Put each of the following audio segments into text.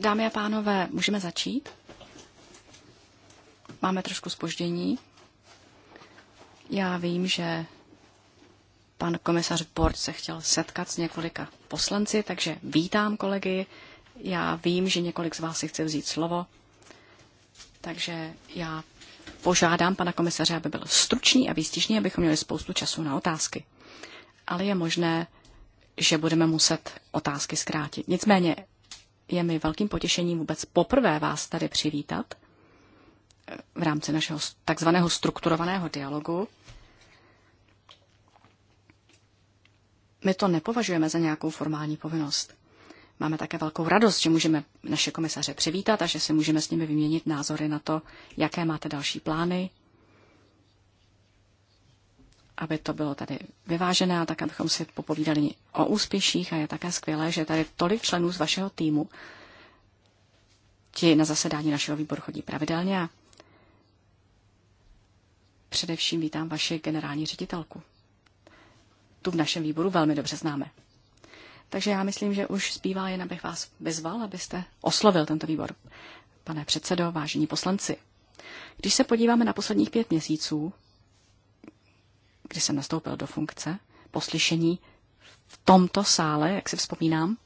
Dámy a pánové, můžeme začít? Máme trošku spoždění. Já vím, že pan komisař Bord se chtěl setkat s několika poslanci, takže vítám kolegy. Já vím, že několik z vás si chce vzít slovo, takže já požádám pana komisaře, aby byl stručný a výstižný, abychom měli spoustu času na otázky. Ale je možné, že budeme muset otázky zkrátit. Nicméně je mi velkým potěšením vůbec poprvé vás tady přivítat v rámci našeho takzvaného strukturovaného dialogu. My to nepovažujeme za nějakou formální povinnost. Máme také velkou radost, že můžeme naše komisaře přivítat a že se můžeme s nimi vyměnit názory na to, jaké máte další plány, aby to bylo tady vyvážené a tak, abychom si popovídali o úspěších. A je také skvělé, že tady tolik členů z vašeho týmu ti na zasedání našeho výboru chodí pravidelně a především vítám vaši generální ředitelku. Tu v našem výboru velmi dobře známe. Takže já myslím, že už zbývá jen, abych vás vyzval, abyste oslovil tento výbor. Pane předsedo, vážení poslanci, když se podíváme na posledních pět měsíců, kdy jsem nastoupil do funkce, poslyšení v tomto sále, jak si vzpomínám,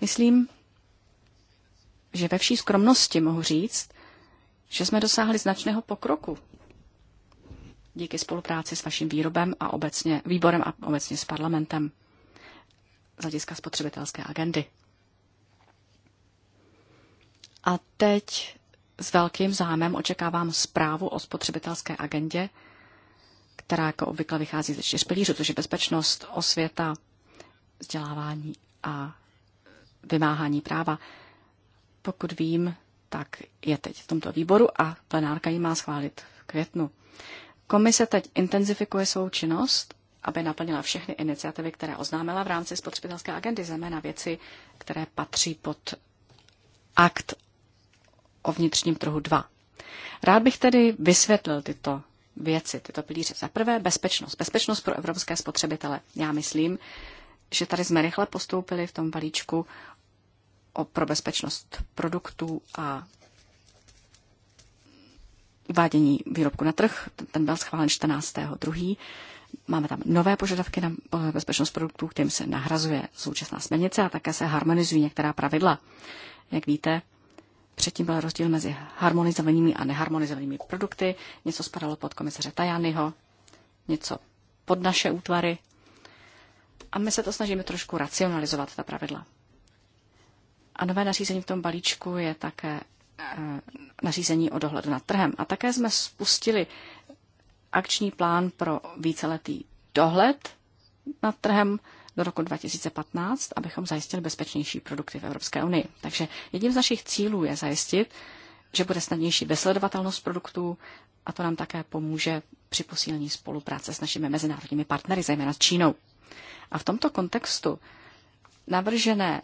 myslím, že ve vší skromnosti mohu říct, že jsme dosáhli značného pokroku díky spolupráci s vaším výrobem a obecně, výborem a obecně s parlamentem z hlediska spotřebitelské agendy. A teď s velkým zájmem očekávám zprávu o spotřebitelské agendě, která jako obvykle vychází ze čtyř pilířů, což je bezpečnost, osvěta, vzdělávání a vymáhání práva. Pokud vím, tak je teď v tomto výboru a plenárka ji má schválit v květnu. Komise teď intenzifikuje svou činnost aby naplnila všechny iniciativy, které oznámila v rámci spotřebitelské agendy, zejména věci, které patří pod akt o vnitřním trhu 2. Rád bych tedy vysvětlil tyto věci, tyto pilíře. Za prvé bezpečnost. Bezpečnost pro evropské spotřebitele. Já myslím, že tady jsme rychle postoupili v tom balíčku o, pro bezpečnost produktů a uvádění výrobku na trh. Ten byl schválen 14.2. Máme tam nové požadavky na eh, bezpečnost produktů, kterým se nahrazuje současná směrnice a také se harmonizují některá pravidla. Jak víte, předtím byl rozdíl mezi harmonizovanými a neharmonizovanými produkty. Něco spadalo pod komisaře Tajanyho, něco pod naše útvary. A my se to snažíme trošku racionalizovat, ta pravidla. A nové nařízení v tom balíčku je také eh, nařízení o dohledu nad trhem. A také jsme spustili akční plán pro víceletý dohled nad trhem do roku 2015, abychom zajistili bezpečnější produkty v Evropské unii. Takže jedním z našich cílů je zajistit, že bude snadnější vysledovatelnost produktů a to nám také pomůže při posílení spolupráce s našimi mezinárodními partnery, zejména s Čínou. A v tomto kontextu navržené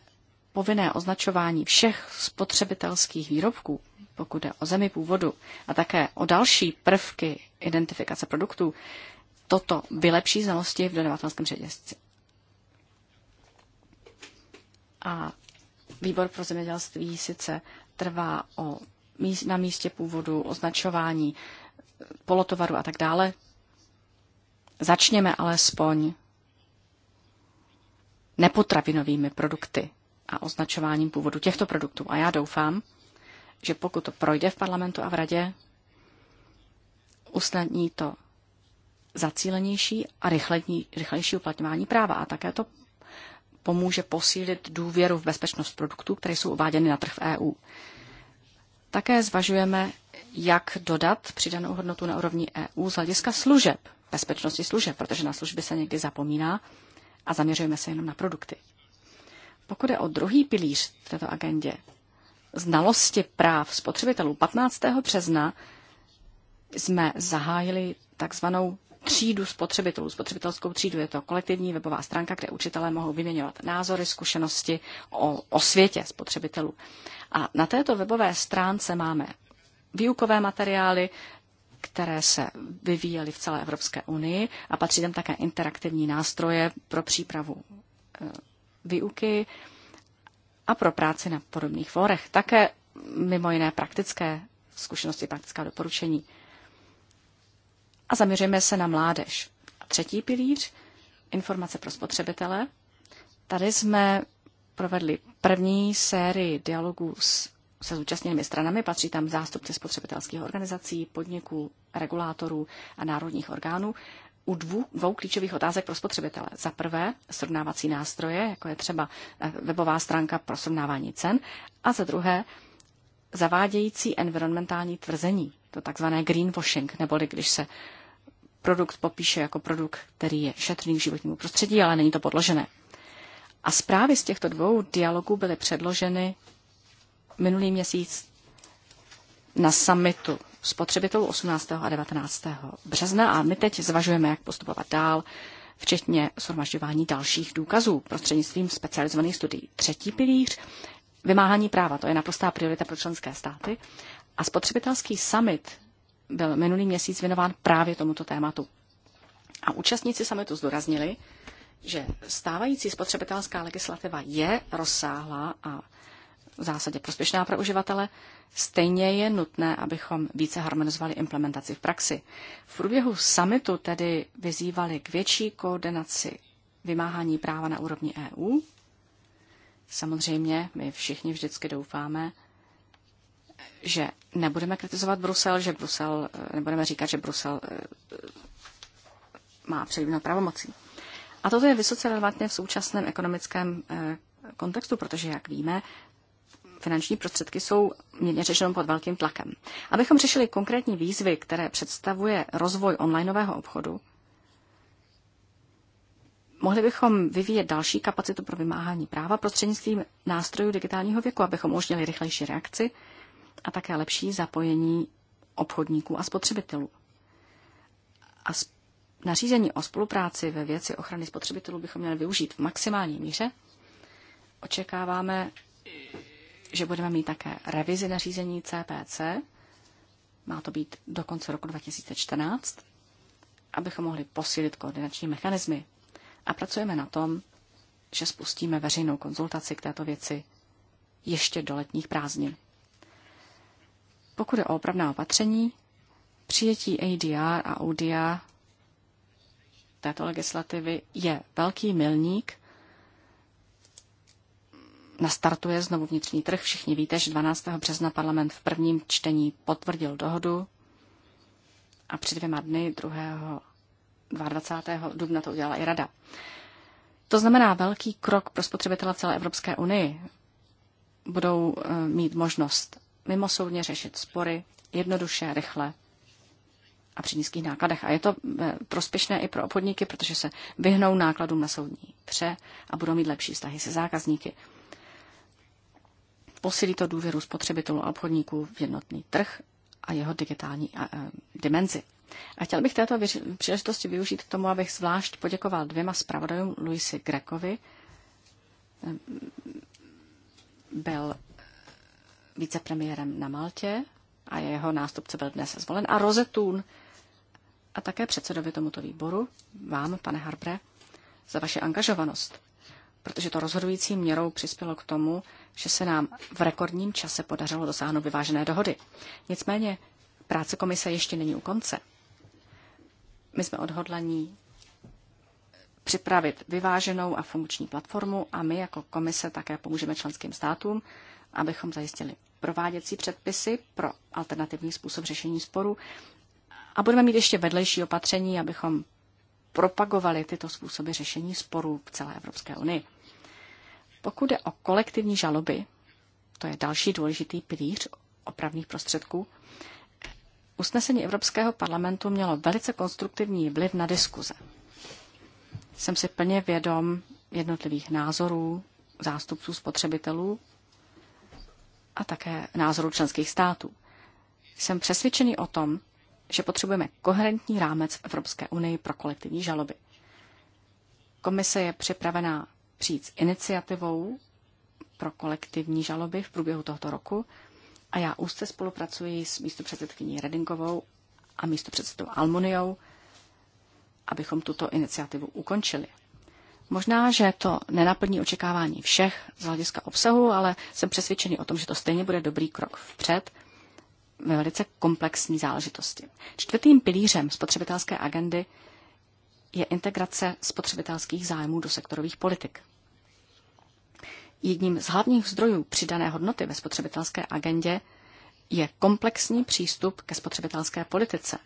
povinné označování všech spotřebitelských výrobků pokud jde o zemi původu a také o další prvky identifikace produktů, toto vylepší znalosti v dodavatelském řetězci. A výbor pro zemědělství sice trvá o, na místě původu, označování polotovaru a tak dále. Začněme alespoň nepotravinovými produkty a označováním původu těchto produktů. A já doufám, že pokud to projde v parlamentu a v radě, usnadní to zacílenější a rychlejší, rychlejší uplatňování práva. A také to pomůže posílit důvěru v bezpečnost produktů, které jsou uváděny na trh v EU. Také zvažujeme, jak dodat přidanou hodnotu na úrovni EU z hlediska služeb, bezpečnosti služeb, protože na služby se někdy zapomíná a zaměřujeme se jenom na produkty. Pokud je o druhý pilíř v této agendě, znalosti práv spotřebitelů 15. března jsme zahájili takzvanou třídu spotřebitelů, spotřebitelskou třídu. Je to kolektivní webová stránka, kde učitelé mohou vyměňovat názory, zkušenosti o, o světě spotřebitelů. A na této webové stránce máme výukové materiály, které se vyvíjely v celé Evropské unii a patří tam také interaktivní nástroje pro přípravu e, výuky, a pro práci na podobných fórech. Také mimo jiné praktické zkušenosti, praktická doporučení. A zaměřujeme se na mládež. A třetí pilíř, informace pro spotřebitele. Tady jsme provedli první sérii dialogů s, se zúčastněnými stranami. Patří tam zástupci spotřebitelských organizací, podniků, regulátorů a národních orgánů u dvou, dvou klíčových otázek pro spotřebitele. Za prvé srovnávací nástroje, jako je třeba eh, webová stránka pro srovnávání cen, a za druhé zavádějící environmentální tvrzení, to takzvané greenwashing, neboli když se produkt popíše jako produkt, který je šetrný k životnímu prostředí, ale není to podložené. A zprávy z těchto dvou dialogů byly předloženy minulý měsíc na summitu spotřebitelů 18. a 19. března a my teď zvažujeme, jak postupovat dál, včetně shromažďování dalších důkazů prostřednictvím specializovaných studií. Třetí pilíř, vymáhání práva, to je naprostá priorita pro členské státy a spotřebitelský summit byl minulý měsíc věnován právě tomuto tématu. A účastníci summitu zdůraznili, že stávající spotřebitelská legislativa je rozsáhlá a v zásadě prospěšná pro uživatele, stejně je nutné, abychom více harmonizovali implementaci v praxi. V průběhu summitu tedy vyzývali k větší koordinaci vymáhání práva na úrovni EU. Samozřejmě, my všichni vždycky doufáme, že nebudeme kritizovat Brusel, že Brusel, eh, nebudeme říkat, že Brusel eh, má předjímat pravomocí. A toto je vysoce relevantně v současném ekonomickém eh, kontextu, protože, jak víme, finanční prostředky jsou měně řešeno pod velkým tlakem. Abychom řešili konkrétní výzvy, které představuje rozvoj onlineového obchodu, mohli bychom vyvíjet další kapacitu pro vymáhání práva prostřednictvím nástrojů digitálního věku, abychom umožnili rychlejší reakci a také lepší zapojení obchodníků a spotřebitelů. A nařízení o spolupráci ve věci ochrany spotřebitelů bychom měli využít v maximální míře. Očekáváme, že budeme mít také revizi nařízení CPC, má to být do konce roku 2014, abychom mohli posílit koordinační mechanismy. A pracujeme na tom, že spustíme veřejnou konzultaci k této věci ještě do letních prázdnin. Pokud je o opravná opatření, přijetí ADR a ODR této legislativy je velký milník nastartuje znovu vnitřní trh. Všichni víte, že 12. března parlament v prvním čtení potvrdil dohodu a před dvěma dny 2. 22. dubna to udělala i rada. To znamená velký krok pro spotřebitele celé Evropské unii. Budou eh, mít možnost mimosoudně řešit spory jednoduše, rychle a při nízkých nákladech. A je to eh, prospěšné i pro obchodníky, protože se vyhnou nákladům na soudní pře a budou mít lepší vztahy se zákazníky. Posílí to důvěru spotřebitelů a obchodníků v jednotný trh a jeho digitální e, dimenzi. A chtěl bych této příležitosti využít k tomu, abych zvlášť poděkoval dvěma zpravodajům Luisi Grekovi. Byl e, vicepremiérem na Maltě a jeho nástupce byl dnes zvolen. A Rozetún a také předsedovi tomuto výboru, vám, pane Harbre, za vaši angažovanost protože to rozhodující měrou přispělo k tomu, že se nám v rekordním čase podařilo dosáhnout vyvážené dohody. Nicméně práce komise ještě není u konce. My jsme odhodlaní připravit vyváženou a funkční platformu a my jako komise také pomůžeme členským státům, abychom zajistili prováděcí předpisy pro alternativní způsob řešení sporu a budeme mít ještě vedlejší opatření, abychom propagovali tyto způsoby řešení sporů v celé Evropské unii. Pokud jde o kolektivní žaloby, to je další důležitý pilíř opravných prostředků, usnesení Evropského parlamentu mělo velice konstruktivní vliv na diskuze. Jsem si plně vědom jednotlivých názorů zástupců spotřebitelů a také názorů členských států. Jsem přesvědčený o tom, že potřebujeme koherentní rámec v Evropské unii pro kolektivní žaloby. Komise je připravená přijít s iniciativou pro kolektivní žaloby v průběhu tohoto roku a já úzce spolupracuji s předsedkyní Redinkovou a předsedou Almuniou, abychom tuto iniciativu ukončili. Možná, že to nenaplní očekávání všech z hlediska obsahu, ale jsem přesvědčený o tom, že to stejně bude dobrý krok vpřed ve velice komplexní záležitosti. Čtvrtým pilířem spotřebitelské agendy je integrace spotřebitelských zájmů do sektorových politik. Jedním z hlavních zdrojů přidané hodnoty ve spotřebitelské agendě je komplexní přístup ke spotřebitelské politice.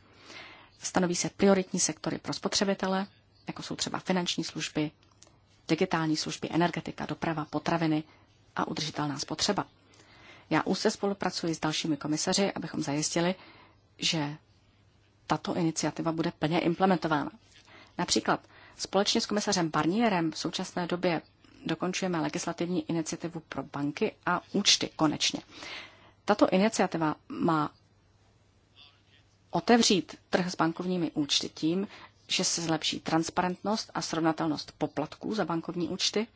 Stanoví se prioritní sektory pro spotřebitele, jako jsou třeba finanční služby, digitální služby, energetika, doprava, potraviny a udržitelná spotřeba. Já už se spolupracuji s dalšími komisaři, abychom zajistili, že tato iniciativa bude plně implementována. Například společně s komisařem Barnierem v současné době dokončujeme legislativní iniciativu pro banky a účty konečně. Tato iniciativa má otevřít trh s bankovními účty tím, že se zlepší transparentnost a srovnatelnost poplatků za bankovní účty,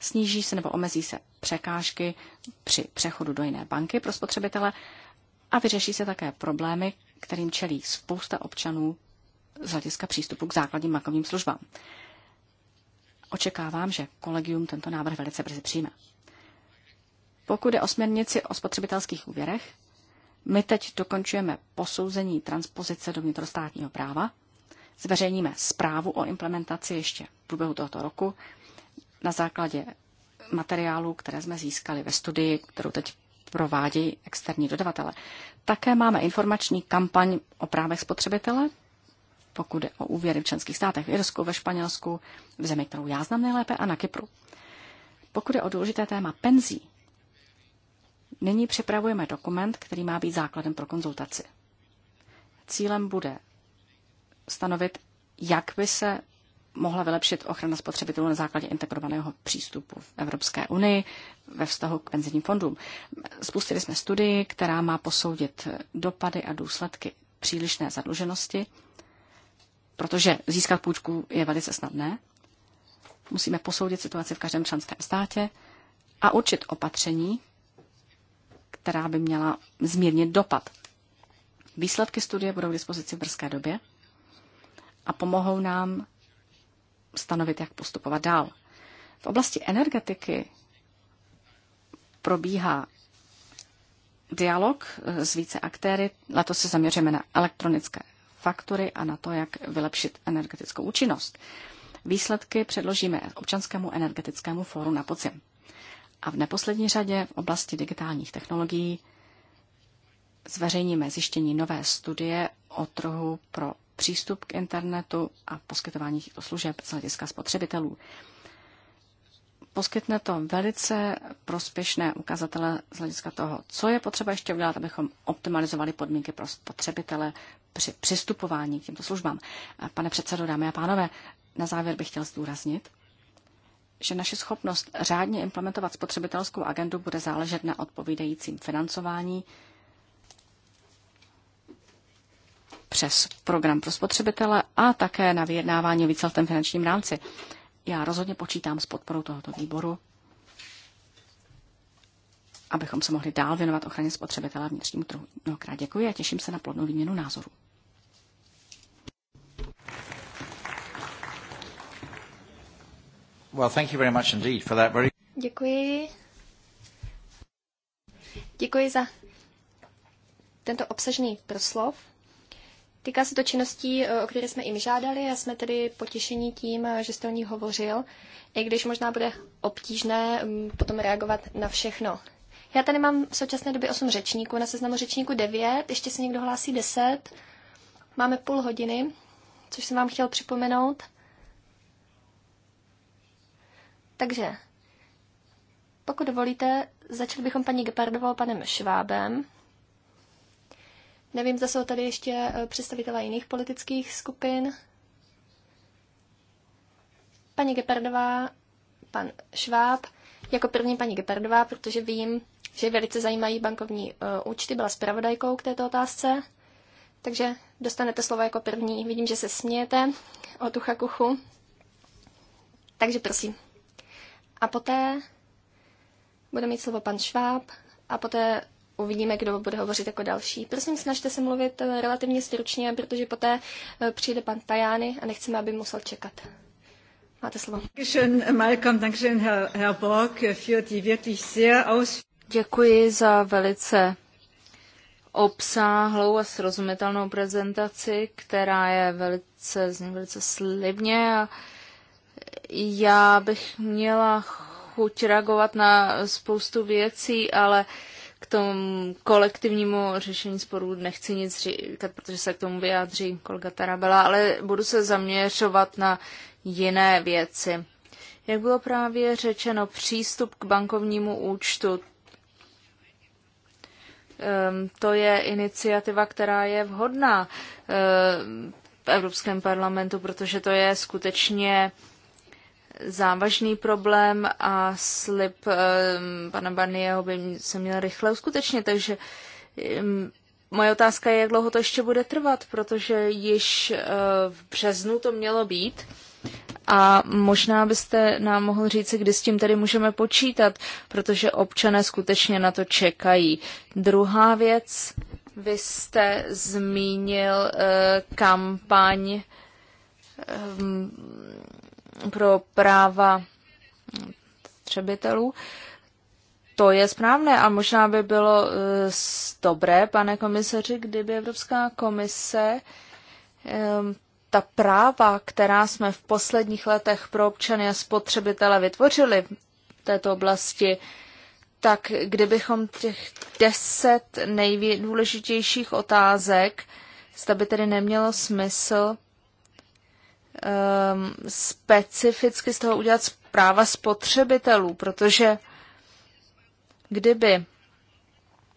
sníží se nebo omezí se překážky při přechodu do jiné banky pro spotřebitele a vyřeší se také problémy, kterým čelí spousta občanů z hlediska přístupu k základním bankovním službám. Očekávám, že kolegium tento návrh velice brzy přijme. Pokud je o směrnici o spotřebitelských úvěrech, my teď dokončujeme posouzení transpozice do vnitrostátního práva, zveřejníme zprávu o implementaci ještě v průběhu tohoto roku na základě materiálů, které jsme získali ve studii, kterou teď provádějí externí dodavatele. Také máme informační kampaň o právech spotřebitele, pokud jde o úvěry v členských státech, v Irsku, ve Španělsku, v zemi, kterou já znám nejlépe, a na Kypru. Pokud je o důležité téma penzí, nyní připravujeme dokument, který má být základem pro konzultaci. Cílem bude stanovit, jak by se mohla vylepšit ochrana spotřebitelů na základě integrovaného přístupu v Evropské unii ve vztahu k penzijním fondům. Spustili jsme studii, která má posoudit dopady a důsledky přílišné zadluženosti protože získat půjčku je velice snadné. Musíme posoudit situaci v každém členském státě a určit opatření, která by měla zmírnit dopad. Výsledky studie budou k dispozici v brzké době a pomohou nám stanovit, jak postupovat dál. V oblasti energetiky probíhá dialog s více aktéry. Letos se zaměříme na elektronické faktory a na to, jak vylepšit energetickou účinnost. Výsledky předložíme občanskému energetickému fóru na podzim. A v neposlední řadě v oblasti digitálních technologií zveřejníme zjištění nové studie o trhu pro přístup k internetu a poskytování těchto služeb z hlediska spotřebitelů poskytne to velice prospěšné ukazatele z hlediska toho, co je potřeba ještě udělat, abychom optimalizovali podmínky pro spotřebitele při přistupování k těmto službám. Pane předsedo, dámy a pánové, na závěr bych chtěl zdůraznit, že naše schopnost řádně implementovat spotřebitelskou agendu bude záležet na odpovídajícím financování přes program pro spotřebitele a také na vyjednávání o víceletém finančním rámci. Já rozhodně počítám s podporou tohoto výboru, abychom se mohli dál věnovat ochraně spotřebitele vnitřnímu trhu. Mnohokrát děkuji a těším se na plodnou výměnu názorů. Well, thank you very much indeed for that very... Děkuji. Děkuji za tento obsažný proslov. Týká se to činností, eh, o které jsme jim žádali a jsme tedy potěšení tím, eh, že jste o ní hovořil, i když možná bude obtížné mm, potom reagovat na všechno. Já tady mám v současné době 8 řečníků, na seznamu řečníku 9, ještě se někdo hlásí 10. Máme půl hodiny, což jsem vám chtěl připomenout. Takže, pokud dovolíte, začali bychom paní Gepardovou panem Švábem. Nevím, zda jsou tady ještě eh, představitelé jiných politických skupin. Paní Gepardová, pan Šváb, jako první paní Gepardová, protože vím, že velice zajímají bankovní eh, účty, byla zpravodajkou k této otázce. Takže dostanete slovo jako první. Vidím, že se smějete o tucha kuchu. Takže prosím. A poté bude mít slovo pan Šváb a poté uvidíme, kdo bude hovořit jako další. Prosím, snažte se mluvit eh, relativně stručně, protože poté eh, přijde pan Tajány a nechceme, aby musel čekat. Máte slovo. Děkuji za velice obsáhlou a srozumitelnou prezentaci, která je velice, zní velice slibně a já bych měla chuť reagovat na spoustu věcí, ale uh, k tomu kolektivnímu řešení sporů nechci nic říkat, protože se k tomu vyjádří kolega Tarabela, ale budu se zaměřovat na jiné věci. Jak bylo právě řečeno, přístup k bankovnímu účtu, ehm, to je iniciativa, která je vhodná ehm, v Evropském parlamentu, protože to je skutečně závažný problém a slib eh, pana Barnieho by se měl rychle uskutečnit, takže moje otázka je, jak dlouho to ještě bude trvat, protože již eh, v březnu to mělo být. A možná byste nám mohl říct, kdy s tím tedy můžeme počítat, protože občané skutečně na to čekají. Druhá věc, vy jste zmínil eh, kampaň ehm, pro práva třebitelů. To je správné a možná by bylo eh, dobré, pane komisaři, kdyby Evropská komise eh, ta práva, která jsme v posledních letech pro občany a spotřebitele vytvořili v této oblasti, tak kdybychom těch deset nejdůležitějších otázek, zda by tedy nemělo smysl um, specificky z toho udělat práva spotřebitelů, protože kdyby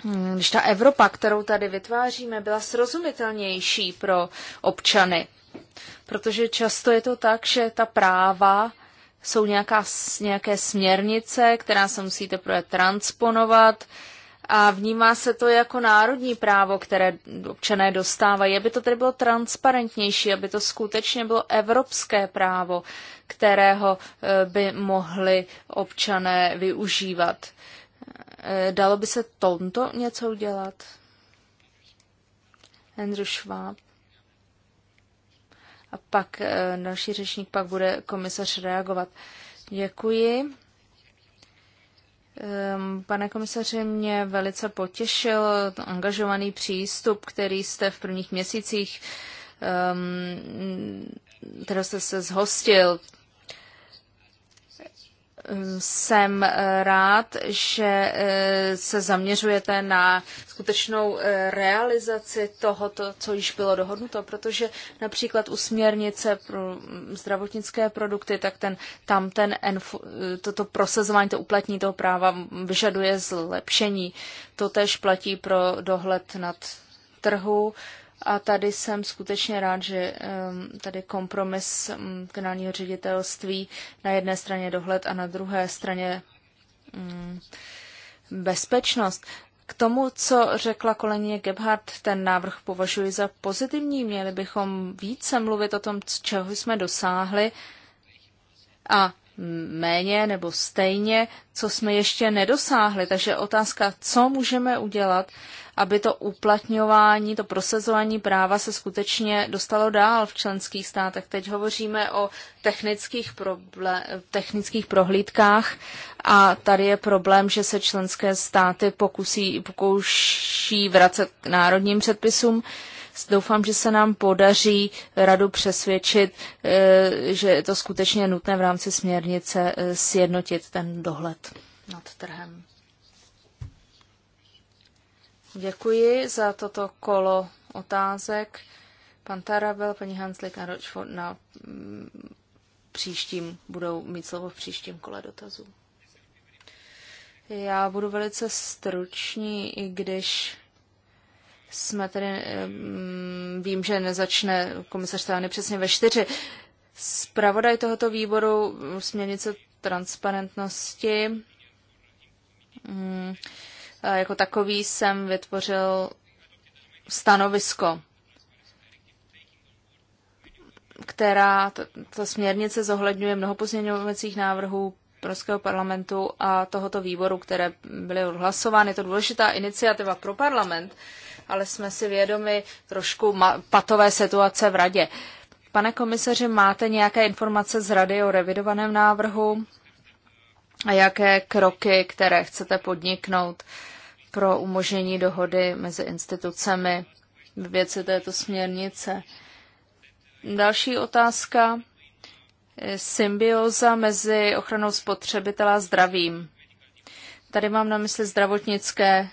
hm, když ta Evropa, kterou tady vytváříme, byla srozumitelnější pro občany, protože často je to tak, že ta práva jsou nějaká, nějaké směrnice, která se musíte projet transponovat, a vnímá se to jako národní právo, které občané dostávají, aby to tedy bylo transparentnější, aby to skutečně bylo evropské právo, kterého eh, by mohli občané využívat. Eh, dalo by se tomto něco udělat? Andrew Schwab. A pak eh, další řečník, pak bude komisař reagovat. Děkuji. Pane komisaři, mě velice potěšil angažovaný přístup, který jste v prvních měsících, kterého jste se zhostil jsem eh, rád, že eh, se zaměřujete na skutečnou eh, realizaci toho, co již bylo dohodnuto, protože například u směrnice pro mm, zdravotnické produkty, tak ten, tam ten, toto prosazování, to uplatní toho práva vyžaduje zlepšení. To tež platí pro dohled nad trhu. A tady jsem skutečně rád, že tady kompromis generálního ředitelství na jedné straně dohled a na druhé straně bezpečnost. K tomu, co řekla kolegyně Gebhardt, ten návrh považuji za pozitivní. Měli bychom více mluvit o tom, čeho jsme dosáhli a méně nebo stejně, co jsme ještě nedosáhli. Takže otázka, co můžeme udělat, aby to uplatňování, to prosazování práva se skutečně dostalo dál v členských státech. Teď hovoříme o technických, problé- technických prohlídkách a tady je problém, že se členské státy pokusí, pokouší vracet k národním předpisům. Doufám, že se nám podaří radu přesvědčit, eh, že je to skutečně nutné v rámci směrnice eh, sjednotit ten dohled nad trhem. Děkuji za toto kolo otázek. Pan Tarabel, paní Hanslik a Ročford na mm, příštím, budou mít slovo v příštím kole dotazů. Já budu velice stručný, i když jsme tedy, mm, vím, že nezačne komisař Tajany přesně ve čtyři. Spravodaj tohoto výboru mm, směrnice transparentnosti jako takový jsem vytvořil stanovisko, která, ta, směrnice zohledňuje mnoho pozměňovacích návrhů Evropského parlamentu a tohoto výboru, které byly odhlasovány. Je to důležitá iniciativa pro parlament, ale jsme si vědomi trošku patové situace v radě. Pane komisaři, máte nějaké informace z rady o revidovaném návrhu a jaké kroky, které chcete podniknout? Uh, pro umožnění dohody mezi institucemi v věci této směrnice. Další otázka. Symbioza mezi ochranou spotřebitela a zdravím. Tady mám na mysli zdravotnické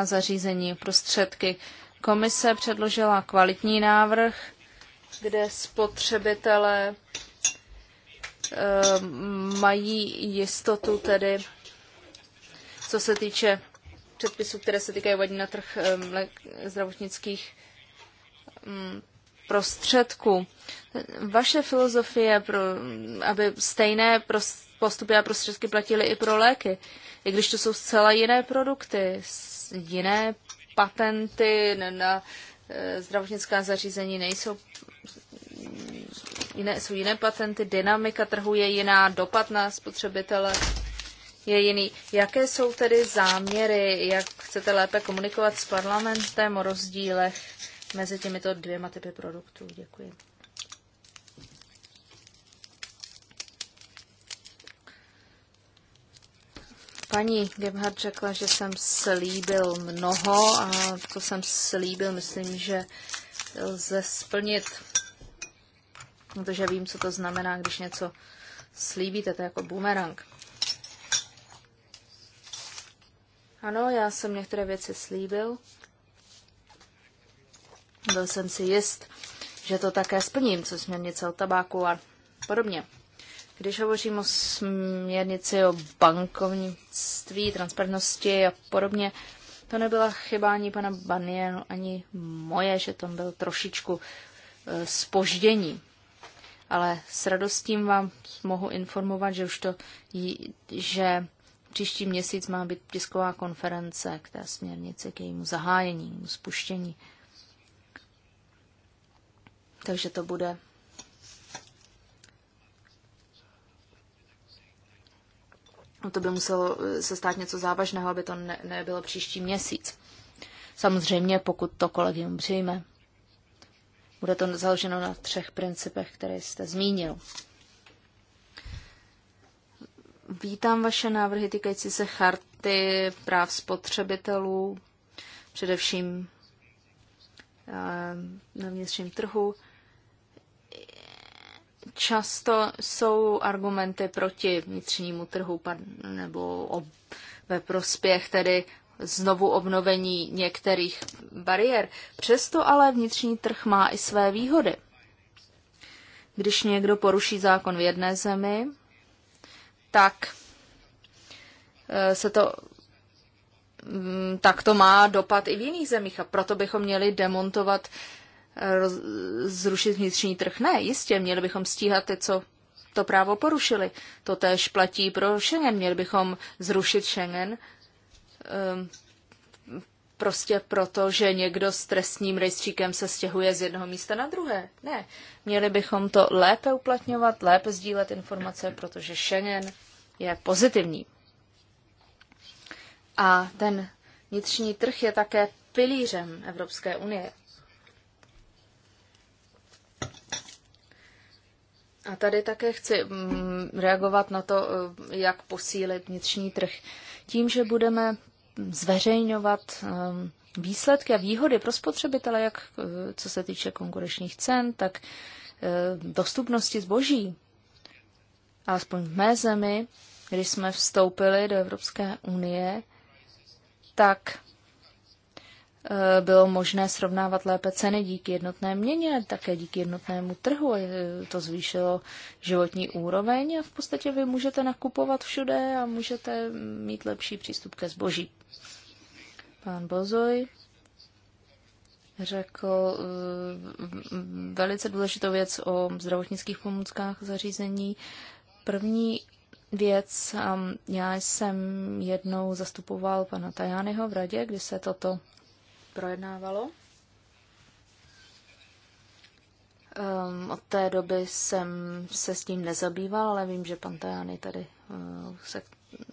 e, zařízení, prostředky. Komise předložila kvalitní návrh, kde spotřebitelé e, mají jistotu tedy, co se týče předpisů, které se týkají vodní na trh zdravotnických prostředků. Vaše filozofie, pro, aby stejné postupy a prostředky platily i pro léky, i když to jsou zcela jiné produkty, jiné patenty na e, zdravotnická zařízení nejsou jiné, jsou jiné patenty, dynamika trhu je jiná, dopad na spotřebitele je jiný. Jaké jsou tedy záměry, jak chcete lépe komunikovat s parlamentem o rozdílech mezi těmito dvěma typy produktů? Děkuji. Paní Gebhard řekla, že jsem slíbil mnoho a to jsem slíbil, myslím, že lze splnit, protože vím, co to znamená, když něco slíbíte, to je jako bumerang. Ano, já jsem některé věci slíbil. Byl jsem si jist, že to také splním, co směrnice o tabáku a podobně. Když hovořím o směrnici o bankovnictví, transparentnosti a podobně, to nebyla chyba ani pana Banienu, no, ani moje, že tam byl trošičku spoždění. E, Ale s radostím vám mohu informovat, že už to, že Příští měsíc má být tisková konference k té směrnici, k jejímu zahájení, k jejímu spuštění. Takže to bude No to by muselo eh, se stát něco závažného, aby to ne, nebylo příští měsíc. Samozřejmě, pokud to kolegium přijme. Bude to založeno na třech principech, které jste zmínil. Vítám vaše návrhy týkající se charty práv spotřebitelů, především eh, na vnitřním trhu. Často jsou argumenty proti vnitřnímu trhu nebo ve prospěch tedy znovu obnovení některých bariér. Přesto ale vnitřní trh má i své výhody. Když někdo poruší zákon v jedné zemi, tak eh, se to mm, tak to má dopad i v jiných zemích a proto bychom měli demontovat, eh, roz, zrušit vnitřní trh. Ne, jistě, měli bychom stíhat ty, co to právo porušili. To též platí pro Schengen. Měli bychom zrušit Schengen um, prostě proto, že někdo s trestním rejstříkem se stěhuje z jednoho místa na druhé. Ne, měli bychom to lépe uplatňovat, lépe sdílet informace, protože Schengen je pozitivní. A ten vnitřní trh je také pilířem Evropské unie. A tady také chci mm, reagovat na to, eh, jak posílit vnitřní trh. Tím, že budeme zveřejňovat eh, výsledky a výhody pro spotřebitele, jak eh, co se týče konkurenčních cen, tak dostupnosti zboží, alespoň v mé zemi, když jsme vstoupili do Evropské unie, tak e, bylo možné srovnávat lépe ceny díky jednotné měně, také díky jednotnému trhu. E, to zvýšilo životní úroveň a v podstatě vy můžete nakupovat všude a můžete mít lepší přístup ke zboží. Pán Bozoj řekl e, velice důležitou věc o zdravotnických pomůckách zařízení. První věc, um, já jsem jednou zastupoval pana Tajányho v radě, kdy se toto projednávalo. Um, od té doby jsem se s tím nezabýval, ale vím, že pan Tajány tady uh, se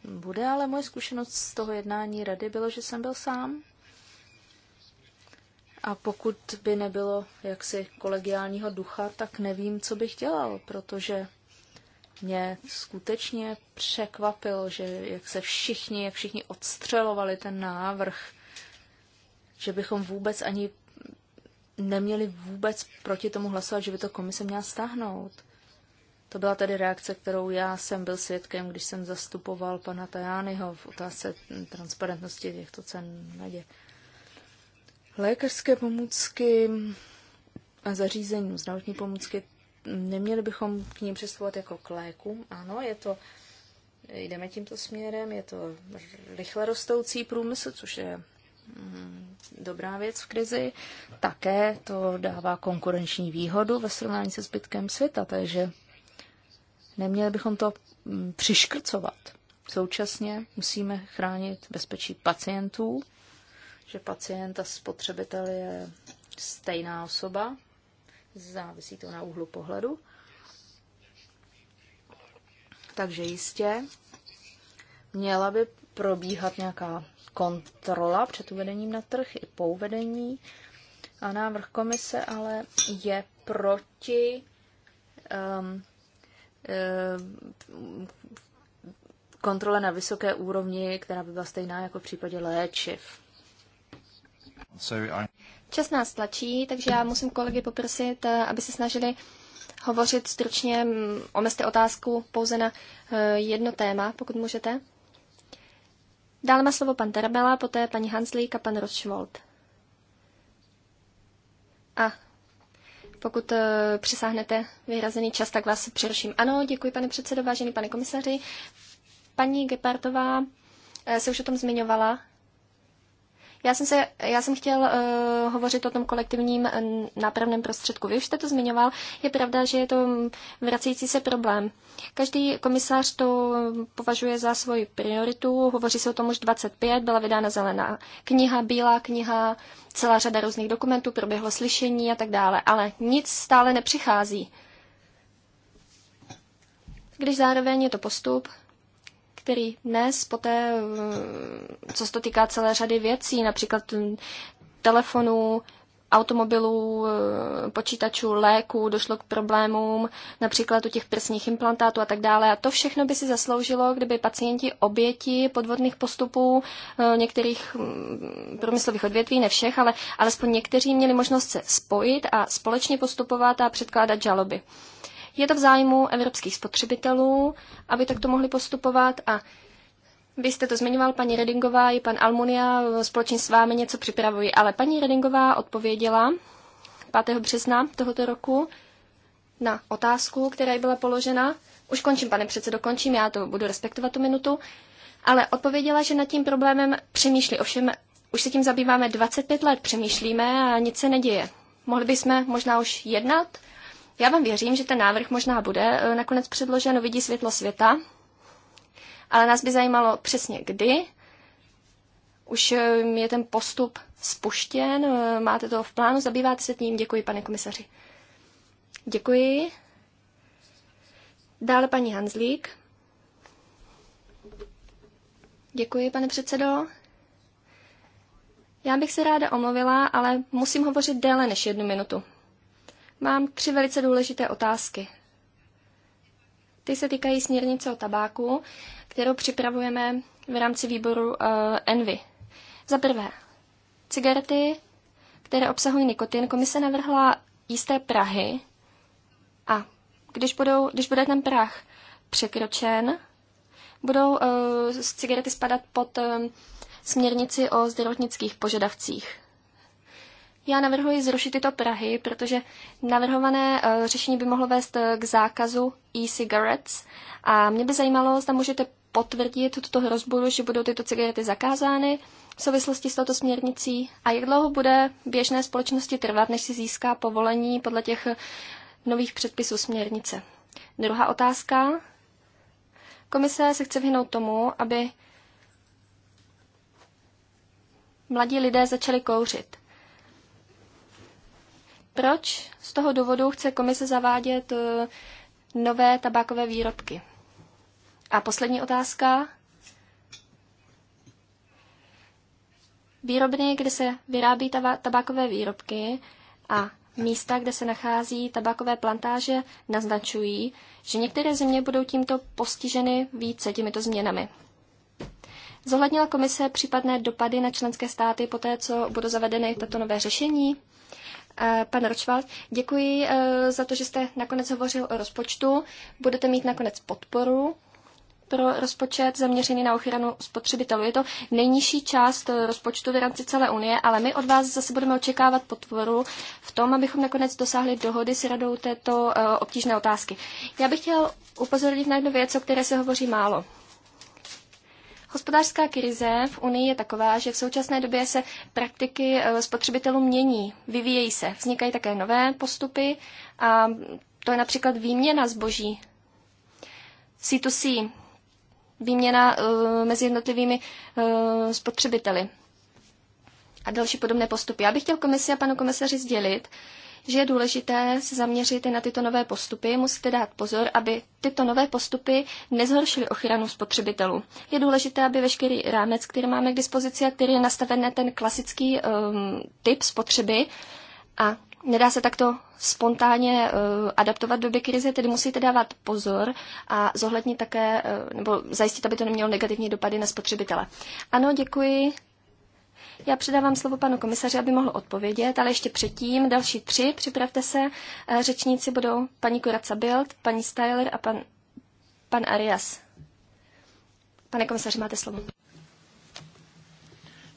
bude, ale moje zkušenost z toho jednání rady bylo, že jsem byl sám. A pokud by nebylo jaksi kolegiálního ducha, tak nevím, co bych dělal, protože mě skutečně překvapil, že jak se všichni, jak všichni odstřelovali ten návrh, že bychom vůbec ani neměli vůbec proti tomu hlasovat, že by to komise měla stáhnout. To byla tedy reakce, kterou já jsem byl svědkem, když jsem zastupoval pana Tajányho v otázce transparentnosti těchto cen na Lékařské pomůcky a zařízení, zdravotní pomůcky, neměli bychom k ním přistupovat jako k lékům. Ano, je to, jdeme tímto směrem, je to rychle rostoucí průmysl, což je mm, dobrá věc v krizi. Také to dává konkurenční výhodu ve srovnání se zbytkem světa, takže neměli bychom to mm, přiškrcovat. Současně musíme chránit bezpečí pacientů, že pacient a spotřebitel je stejná osoba, závisí to na úhlu pohledu. Takže jistě měla by probíhat nějaká kontrola před uvedením na trh i po uvedení. A návrh komise ale je proti um, um, kontrole na vysoké úrovni, která by byla stejná jako v případě léčiv. Čas nás tlačí, takže já musím kolegy poprosit, eh, aby se snažili hovořit stručně, omezte otázku pouze na eh, jedno téma, pokud můžete. Dále má slovo pan Terabela, poté paní Hanslík a pan Rothschild. A pokud eh, přesáhnete vyhrazený čas, tak vás přeruším. Ano, děkuji, pane předsedo, vážený pane komisaři. Paní Gepartová se už o tom zmiňovala. Já jsem, se, já jsem chtěl uh, hovořit o tom kolektivním eh, nápravném prostředku. Vy už jste to zmiňoval, je pravda, že je to mm, vracející se problém. Každý komisář to považuje za svoji prioritu, hovoří se o tom už 25, byla vydána zelená kniha, bílá kniha, celá řada různých dokumentů, proběhlo slyšení a tak dále, ale nic stále nepřichází. Když zároveň je to postup, který dnes poté, eh, co se to týká celé řady věcí, například telefonů, automobilů, eh, počítačů, léků, došlo k problémům, například u těch prsních implantátů a tak dále. A to všechno by si zasloužilo, kdyby pacienti oběti podvodných postupů eh, některých mm, průmyslových odvětví, ne všech, ale alespoň někteří měli možnost se spojit a společně postupovat a předkládat žaloby. Je to v zájmu evropských spotřebitelů, aby takto mohli postupovat a vy jste to zmiňoval, paní Redingová i pan Almunia společně s vámi něco připravují, ale paní Redingová odpověděla 5. března tohoto roku na otázku, která byla položena. Už končím, pane předsedo, končím, já to budu respektovat tu minutu. Ale odpověděla, že nad tím problémem přemýšlí. Ovšem, už se tím zabýváme 25 let, přemýšlíme a nic se neděje. Mohli bychom možná už jednat já vám věřím, že ten návrh možná bude e, nakonec předložen, uvidí světlo světa, ale nás by zajímalo přesně kdy. Už e, je ten postup spuštěn, e, máte to v plánu, zabýváte se tím. Děkuji, pane komisaři. Děkuji. Dále paní Hanzlík. Děkuji, pane předsedo. Já bych se ráda omluvila, ale musím hovořit déle než jednu minutu mám tři velice důležité otázky. Ty se týkají směrnice o tabáku, kterou připravujeme v rámci výboru uh, Envy. Za prvé, cigarety, které obsahují nikotin, komise navrhla jisté Prahy a když, budou, když bude ten prach překročen, budou uh, cigarety spadat pod uh, směrnici o zdravotnických požadavcích. Já navrhuji zrušit tyto Prahy, protože navrhované eh, řešení by mohlo vést eh, k zákazu e-cigarettes a mě by zajímalo, zda můžete potvrdit tuto hrozbu, že budou tyto cigarety zakázány v souvislosti s touto směrnicí a jak dlouho bude běžné společnosti trvat, než si získá povolení podle těch eh, nových předpisů směrnice. Druhá otázka. Komise se chce vyhnout tomu, aby mladí lidé začali kouřit. Proč z toho důvodu chce komise zavádět e, nové tabákové výrobky? A poslední otázka. Výrobny, kde se vyrábí tabákové výrobky a místa, kde se nachází tabákové plantáže, naznačují, že některé země budou tímto postiženy více těmito změnami. Zohlednila komise případné dopady na členské státy po té, co budou zavedeny tato nové řešení? Eh, pan Ročvald, děkuji eh, za to, že jste nakonec hovořil o rozpočtu. Budete mít nakonec podporu pro rozpočet zaměřený na ochranu spotřebitelů. Je to nejnižší část rozpočtu v rámci celé Unie, ale my od vás zase budeme očekávat podporu v tom, abychom nakonec dosáhli dohody s radou této eh, obtížné otázky. Já bych chtěl upozornit na jednu věc, o které se hovoří málo. Hospodářská krize v Unii je taková, že v současné době se praktiky eh, spotřebitelů mění, vyvíjejí se, vznikají také nové postupy a to je například výměna zboží. C2C, výměna eh, mezi jednotlivými eh, spotřebiteli a další podobné postupy. Já bych chtěl komisi a panu komisaři sdělit, že je důležité se zaměřit i na tyto nové postupy. Musíte dát pozor, aby tyto nové postupy nezhoršily ochranu spotřebitelů. Je důležité, aby veškerý rámec, který máme k dispozici a který je nastaven na ten klasický um, typ spotřeby a nedá se takto spontánně uh, adaptovat době krize, tedy musíte dávat pozor a zohlednit také, uh, nebo zajistit, aby to nemělo negativní dopady na spotřebitele. Ano, děkuji. Já předávám slovo panu komisaři, aby mohl odpovědět, ale ještě předtím další tři, připravte se. Eh, řečníci budou paní Kuraca Bild, paní Styler a pan, pan Arias. Pane komisaři, máte slovo.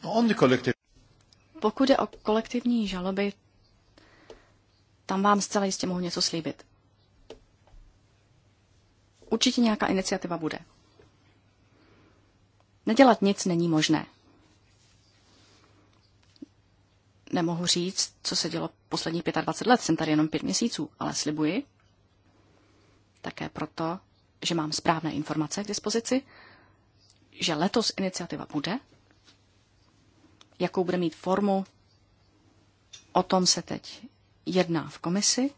No, Pokud je o kolektivní žaloby, tam vám zcela jistě mohu něco slíbit. Určitě nějaká iniciativa bude. Nedělat nic není možné. nemohu říct, co se dělo posledních 25 let, jsem tady jenom pět měsíců, ale slibuji, také proto, že mám správné informace k dispozici, že letos iniciativa bude, jakou bude mít formu, o tom se teď jedná v komisi,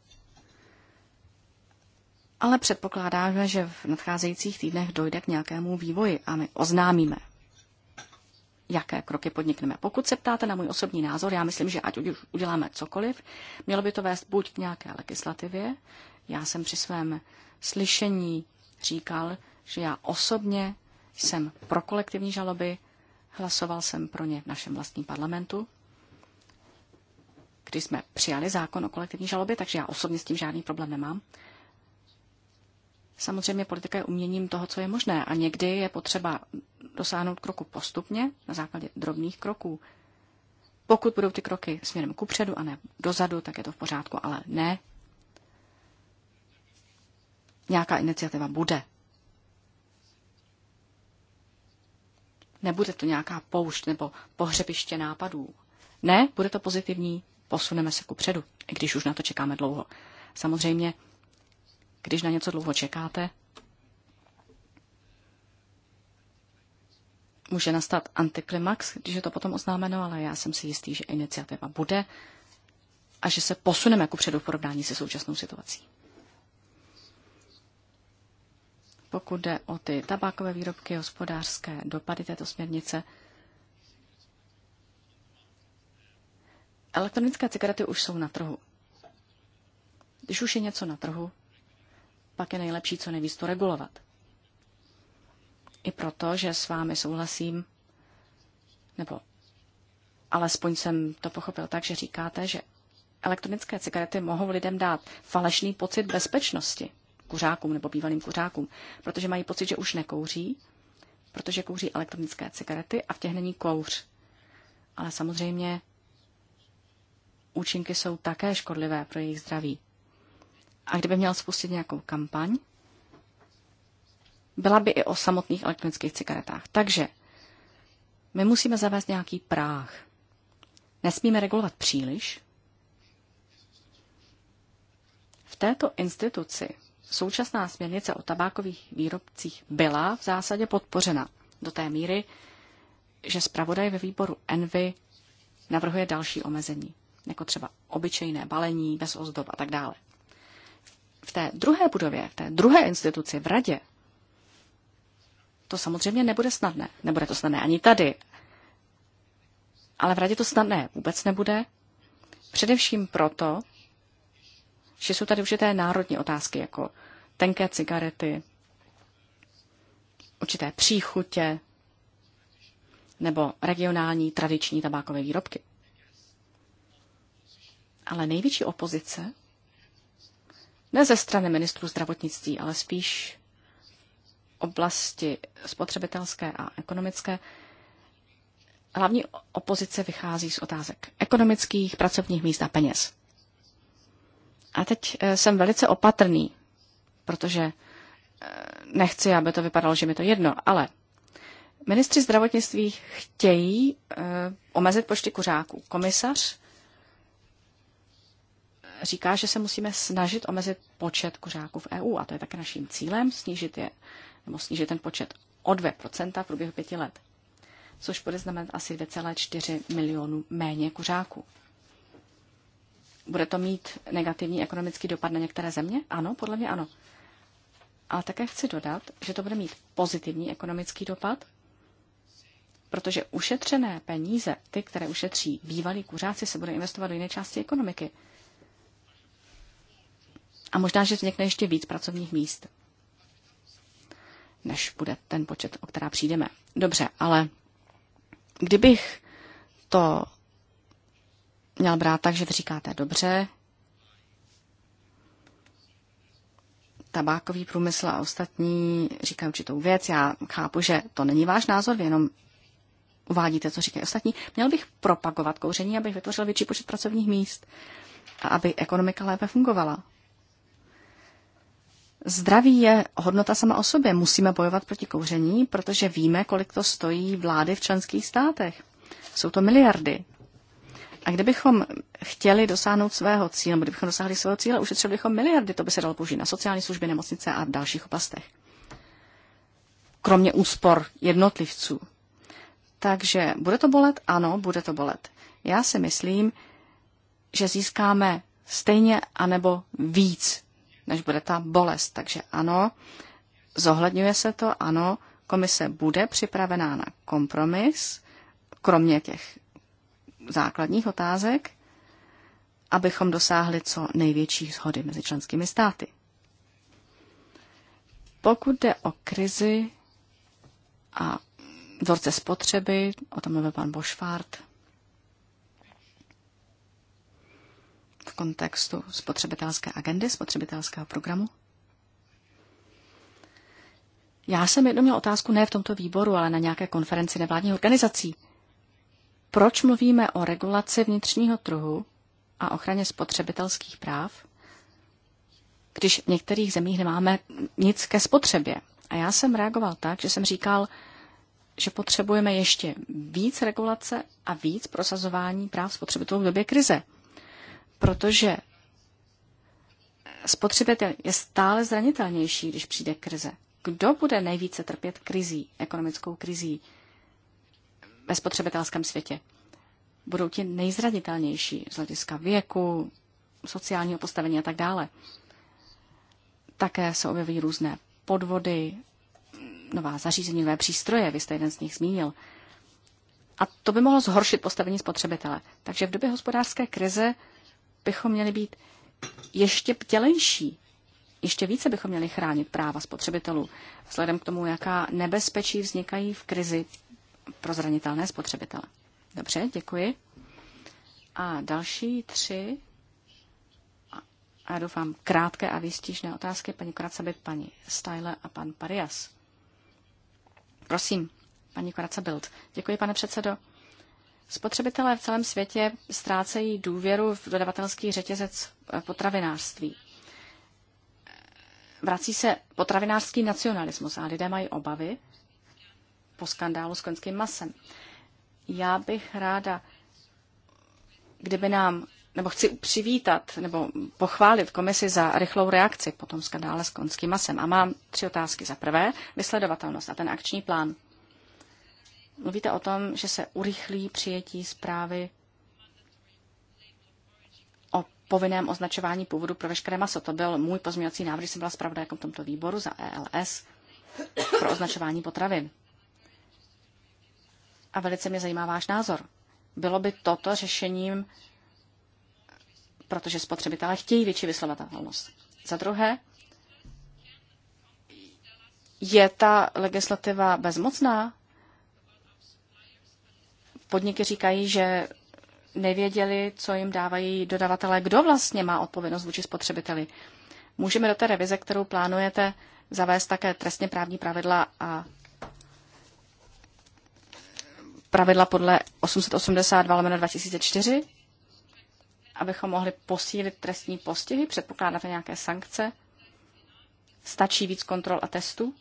ale předpokládáme, že v nadcházejících týdnech dojde k nějakému vývoji a my oznámíme jaké kroky podnikneme. Pokud se ptáte na můj osobní názor, já myslím, že ať už uděláme cokoliv, mělo by to vést buď k nějaké legislativě. Já jsem při svém slyšení říkal, že já osobně jsem pro kolektivní žaloby, hlasoval jsem pro ně v našem vlastním parlamentu, když jsme přijali zákon o kolektivní žalobě, takže já osobně s tím žádný problém nemám. Samozřejmě politika je uměním toho, co je možné a někdy je potřeba dosáhnout kroku postupně na základě drobných kroků. Pokud budou ty kroky směrem kupředu a ne dozadu, tak je to v pořádku, ale ne. Nějaká iniciativa bude. Nebude to nějaká poušť nebo pohřebiště nápadů. Ne, bude to pozitivní, posuneme se kupředu, i když už na to čekáme dlouho. Samozřejmě, když na něco dlouho čekáte, může nastat antiklimax, když je to potom oznámeno, ale já jsem si jistý, že iniciativa bude a že se posuneme ku předu v porovnání se současnou situací. Pokud jde o ty tabákové výrobky, hospodářské dopady této směrnice, elektronické cigarety už jsou na trhu. Když už je něco na trhu, pak je nejlepší co nejvíc to regulovat. I proto, že s vámi souhlasím, nebo alespoň jsem to pochopil tak, že říkáte, že elektronické cigarety mohou lidem dát falešný pocit bezpečnosti kuřákům nebo bývalým kuřákům, protože mají pocit, že už nekouří, protože kouří elektronické cigarety a v těch není kouř. Ale samozřejmě účinky jsou také škodlivé pro jejich zdraví. A kdyby měl spustit nějakou kampaň, byla by i o samotných elektronických cigaretách. Takže my musíme zavést nějaký práh. Nesmíme regulovat příliš. V této instituci současná směrnice o tabákových výrobcích byla v zásadě podpořena do té míry, že zpravodaj ve výboru Envy navrhuje další omezení, jako třeba obyčejné balení, bez ozdob a tak dále. V té druhé budově, v té druhé instituci v radě to samozřejmě nebude snadné. Nebude to snadné ani tady. Ale v radě to snadné vůbec nebude. Především proto, že jsou tady určité národní otázky, jako tenké cigarety, určité příchutě nebo regionální tradiční tabákové výrobky. Ale největší opozice, ne ze strany ministrů zdravotnictví, ale spíš oblasti spotřebitelské a ekonomické, hlavní opozice vychází z otázek ekonomických, pracovních míst a peněz. A teď eh, jsem velice opatrný, protože eh, nechci, aby to vypadalo, že mi to jedno, ale ministři zdravotnictví chtějí eh, omezit počty kuřáků. Komisař říká, že se musíme snažit omezit počet kuřáků v EU a to je také naším cílem, snížit je nebo snížit ten počet o 2% v průběhu pěti let, což bude znamenat asi 2,4 milionů méně kuřáků. Bude to mít negativní ekonomický dopad na některé země? Ano, podle mě ano. Ale také chci dodat, že to bude mít pozitivní ekonomický dopad, protože ušetřené peníze, ty, které ušetří bývalí kuřáci, se bude investovat do jiné části ekonomiky. A možná, že vznikne ještě víc pracovních míst než bude ten počet, o která přijdeme. Dobře, ale kdybych to měl brát tak, že vy říkáte dobře, tabákový průmysl a ostatní říkají určitou věc. Já chápu, že to není váš názor, vy jenom uvádíte, co říkají ostatní. Měl bych propagovat kouření, abych vytvořil větší počet pracovních míst a aby ekonomika lépe fungovala. Zdraví je hodnota sama o sobě. Musíme bojovat proti kouření, protože víme, kolik to stojí vlády v členských státech. Jsou to miliardy. A kdybychom chtěli dosáhnout svého cíle, nebo kdybychom dosáhli svého cíle, ušetřili bychom miliardy, to by se dalo použít na sociální služby, nemocnice a v dalších oblastech. Kromě úspor jednotlivců. Takže bude to bolet? Ano, bude to bolet. Já si myslím, že získáme stejně anebo víc než bude ta bolest. Takže ano, zohledňuje se to, ano, komise bude připravená na kompromis, kromě těch základních otázek, abychom dosáhli co největší shody mezi členskými státy. Pokud jde o krizi a vzorce spotřeby, o tom mluvil pan Bošvárt, kontextu spotřebitelské agendy, spotřebitelského programu? Já jsem jednou měl otázku ne v tomto výboru, ale na nějaké konferenci nevládních organizací. Proč mluvíme o regulaci vnitřního trhu a ochraně spotřebitelských práv, když v některých zemích nemáme nic ke spotřebě? A já jsem reagoval tak, že jsem říkal, že potřebujeme ještě víc regulace a víc prosazování práv spotřebitelů v době krize protože spotřebitel je stále zranitelnější, když přijde krize. Kdo bude nejvíce trpět krizí, ekonomickou krizí ve spotřebitelském světě? Budou ti nejzranitelnější z hlediska věku, sociálního postavení a tak dále. Také se objeví různé podvody, nová zařízení, nové přístroje, vy jste jeden z nich zmínil. A to by mohlo zhoršit postavení spotřebitele. Takže v době hospodářské krize bychom měli být ještě ptělenší, Ještě více bychom měli chránit práva spotřebitelů, vzhledem k tomu, jaká nebezpečí vznikají v krizi pro zranitelné spotřebitele. Dobře, děkuji. A další tři, a doufám, krátké a výstižné otázky, paní Koracabit, paní Style a pan Parias. Prosím, paní Koracabild. Děkuji, pane předsedo. Spotřebitelé v celém světě ztrácejí důvěru v dodavatelský řetězec potravinářství. Vrací se potravinářský nacionalismus a lidé mají obavy po skandálu s koňským masem. Já bych ráda, kdyby nám, nebo chci přivítat, nebo pochválit komisi za rychlou reakci po tom skandále s koňským masem. A mám tři otázky. Za prvé, vysledovatelnost a ten akční plán. Mluvíte o tom, že se urychlí přijetí zprávy o povinném označování původu pro veškeré maso. To byl můj pozměňovací návrh, jsem byla zpravodajkou v tomto výboru za ELS pro označování potravin. A velice mě zajímá váš názor. Bylo by toto řešením, protože spotřebitelé chtějí větší vyslovatelnost. Za druhé, je ta legislativa bezmocná? Podniky říkají, že nevěděli, co jim dávají dodavatelé, kdo vlastně má odpovědnost vůči spotřebiteli. Můžeme do té revize, kterou plánujete, zavést také trestně právní pravidla a pravidla podle 882 2004, abychom mohli posílit trestní postihy, předpokládáte nějaké sankce, stačí víc kontrol a testů,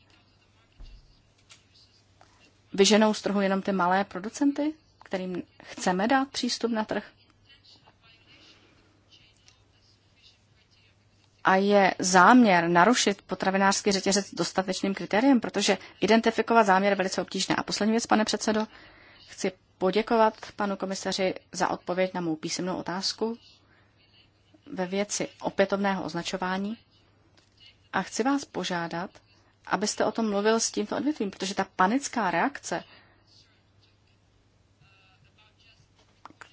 vyženou z trhu jenom ty malé producenty, kterým chceme dát přístup na trh? A je záměr narušit potravinářský řetězec dostatečným kritériem, protože identifikovat záměr je velice obtížné. A poslední věc, pane předsedo, chci poděkovat panu komisaři za odpověď na mou písemnou otázku ve věci opětovného označování. A chci vás požádat, abyste o tom mluvil s tímto odvětvím, protože ta panická reakce,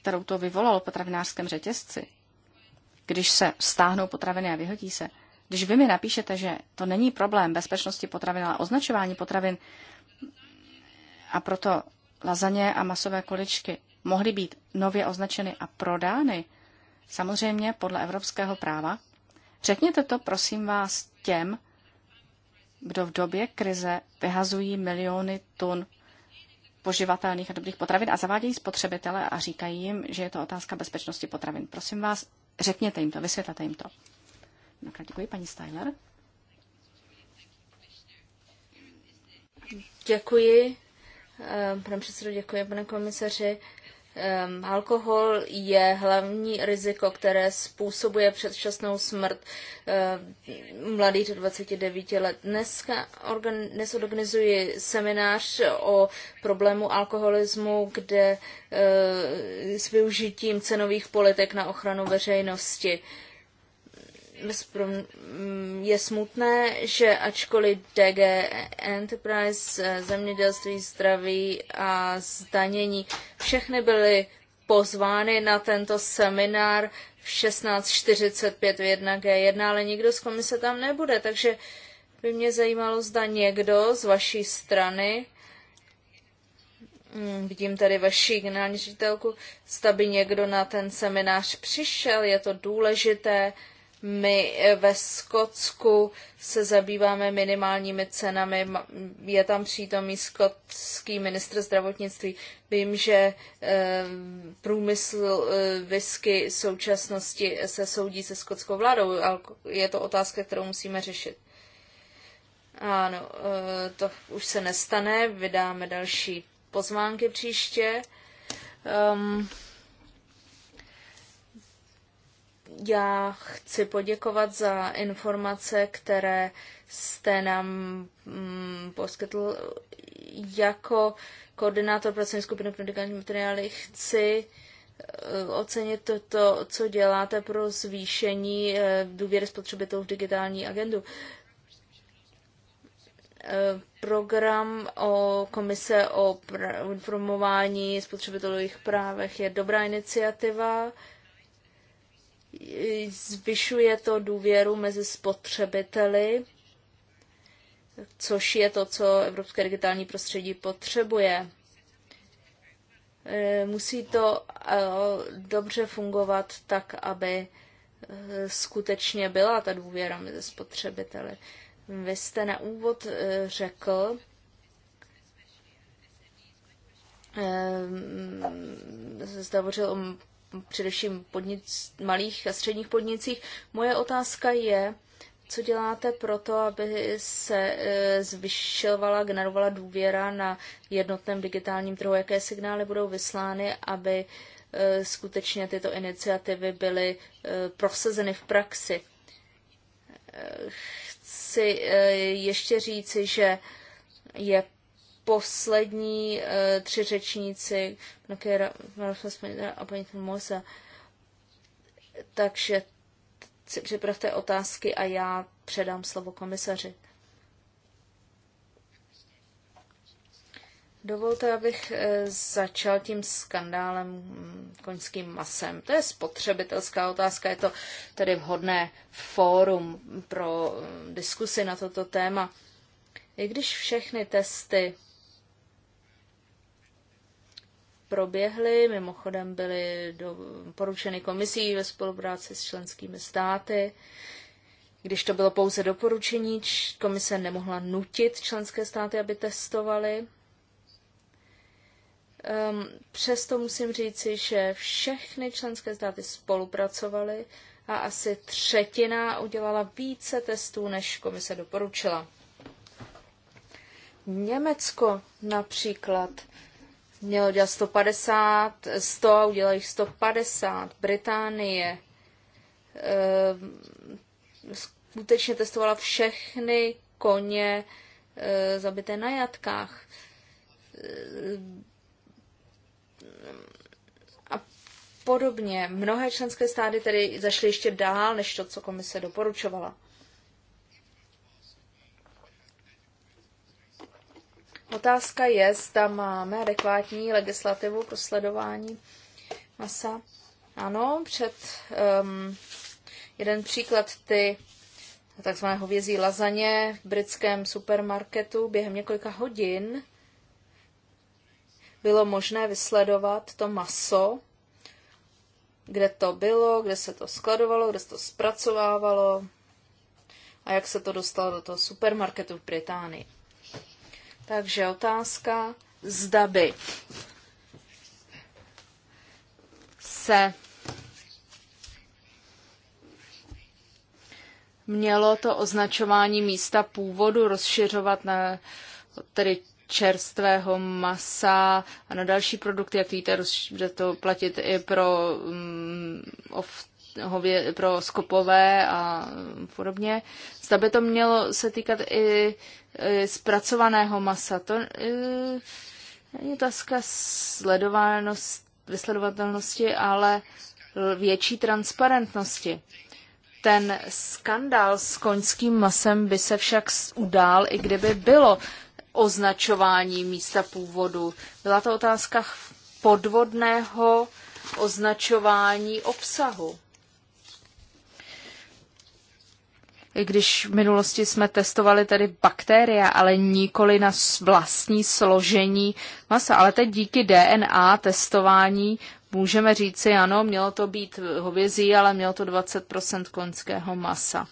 kterou to vyvolalo v potravinářském řetězci, když se stáhnou potraviny a vyhodí se, když vy mi napíšete, že to není problém bezpečnosti potravin, ale označování potravin a proto lazaně a masové količky mohly být nově označeny a prodány, samozřejmě podle evropského práva, řekněte to, prosím vás, těm, kdo v době krize vyhazují miliony tun poživatelných a dobrých potravin a zavádějí spotřebitele a říkají jim, že je to otázka bezpečnosti potravin. Prosím vás, řekněte jim to, vysvětlete jim to. Mnohokrát děkuji, paní Styler. Děkuji, eh, pane předsedo, děkuji, pane komisaři. Um, alkohol je hlavní riziko, které způsobuje předčasnou smrt um, mladých do 29 let. Dneska organ, dnes organizuji seminář o problému alkoholismu, kde uh, s využitím cenových politik na ochranu veřejnosti uh, Mm, je smutné, že ačkoliv DG Enterprise, eh, zemědělství, zdraví a zdanění, všechny byly pozvány na tento seminár v 16.45 v 1G1, ale nikdo z komise tam nebude, takže by mě zajímalo, zda někdo z vaší strany, mm, vidím tady vaši generální ředitelku, zda by někdo na ten seminář přišel, je to důležité, my eh, ve Skotsku se zabýváme minimálními cenami. Je tam přítomný skotský ministr zdravotnictví. Vím, že eh, průmysl eh, whisky v současnosti se soudí se skotskou vládou. Je to otázka, kterou musíme řešit. Ano, to už se nestane. Vydáme další pozvánky příště. Um, Já chci poděkovat za informace, které jste nám mm, poskytl. Jako koordinátor pracovní skupiny pro digitální materiály chci eh, ocenit to, to, co děláte pro zvýšení eh, důvěry spotřebitelů v digitální agendu. Eh, program o komise o informování spotřebitelů jejich právech je dobrá iniciativa zvyšuje to důvěru mezi spotřebiteli, což je to, co evropské digitální prostředí potřebuje. E, musí to e, dobře fungovat tak, aby e, skutečně byla ta důvěra mezi spotřebiteli. Vy jste na úvod řekl, zde hovořil o především podnic, malých a středních podnicích. Moje otázka je, co děláte pro to, aby se e, zvyšovala, generovala důvěra na jednotném digitálním trhu? Jaké signály budou vyslány, aby e, skutečně tyto iniciativy byly e, prosazeny v praxi? Chci ještě říci, že je poslední eh, tři řečníci, a paní Takže si připravte otázky a já předám slovo komisaři. Dovolte, abych eh, začal tím skandálem mm, koňským masem. To je spotřebitelská otázka, je to tedy vhodné fórum pro mm, diskusy na toto téma. I když všechny testy proběhly, mimochodem byly do, poručeny komisí ve spolupráci s členskými státy. Když to bylo pouze doporučení, komise nemohla nutit členské státy, aby testovali. Um, přesto musím říci, že všechny členské státy spolupracovaly a asi třetina udělala více testů, než komise doporučila. Německo například mělo dělat 150, 100 a udělali 150. Británie e, skutečně testovala všechny koně e, zabité na jatkách. Eh, a podobně. Mnohé členské stády tedy zašly ještě dál, než to, co komise doporučovala. Otázka je, zda máme adekvátní legislativu pro sledování masa. Ano, před um, jeden příklad ty takzvané hovězí lazaně v britském supermarketu během několika hodin bylo možné vysledovat to maso, kde to bylo, kde se to skladovalo, kde se to zpracovávalo a jak se to dostalo do toho supermarketu v Británii. Takže otázka, zda by se mělo to označování místa původu rozšiřovat na tedy čerstvého masa a na další produkty, jak víte, bude to platit i pro um, mm, ovce hově, pro skopové a podobně. Zda by to mělo se týkat i, i zpracovaného masa. To není otázka vysledovatelnosti, ale větší transparentnosti. Ten skandál s koňským masem by se však udál, i kdyby bylo označování místa původu. Byla to otázka podvodného označování obsahu. když v minulosti jsme testovali tedy bakterie, ale nikoli na vlastní složení masa. Ale teď díky DNA testování můžeme říci, ano, mělo to být hovězí, ale mělo to 20% konského masa.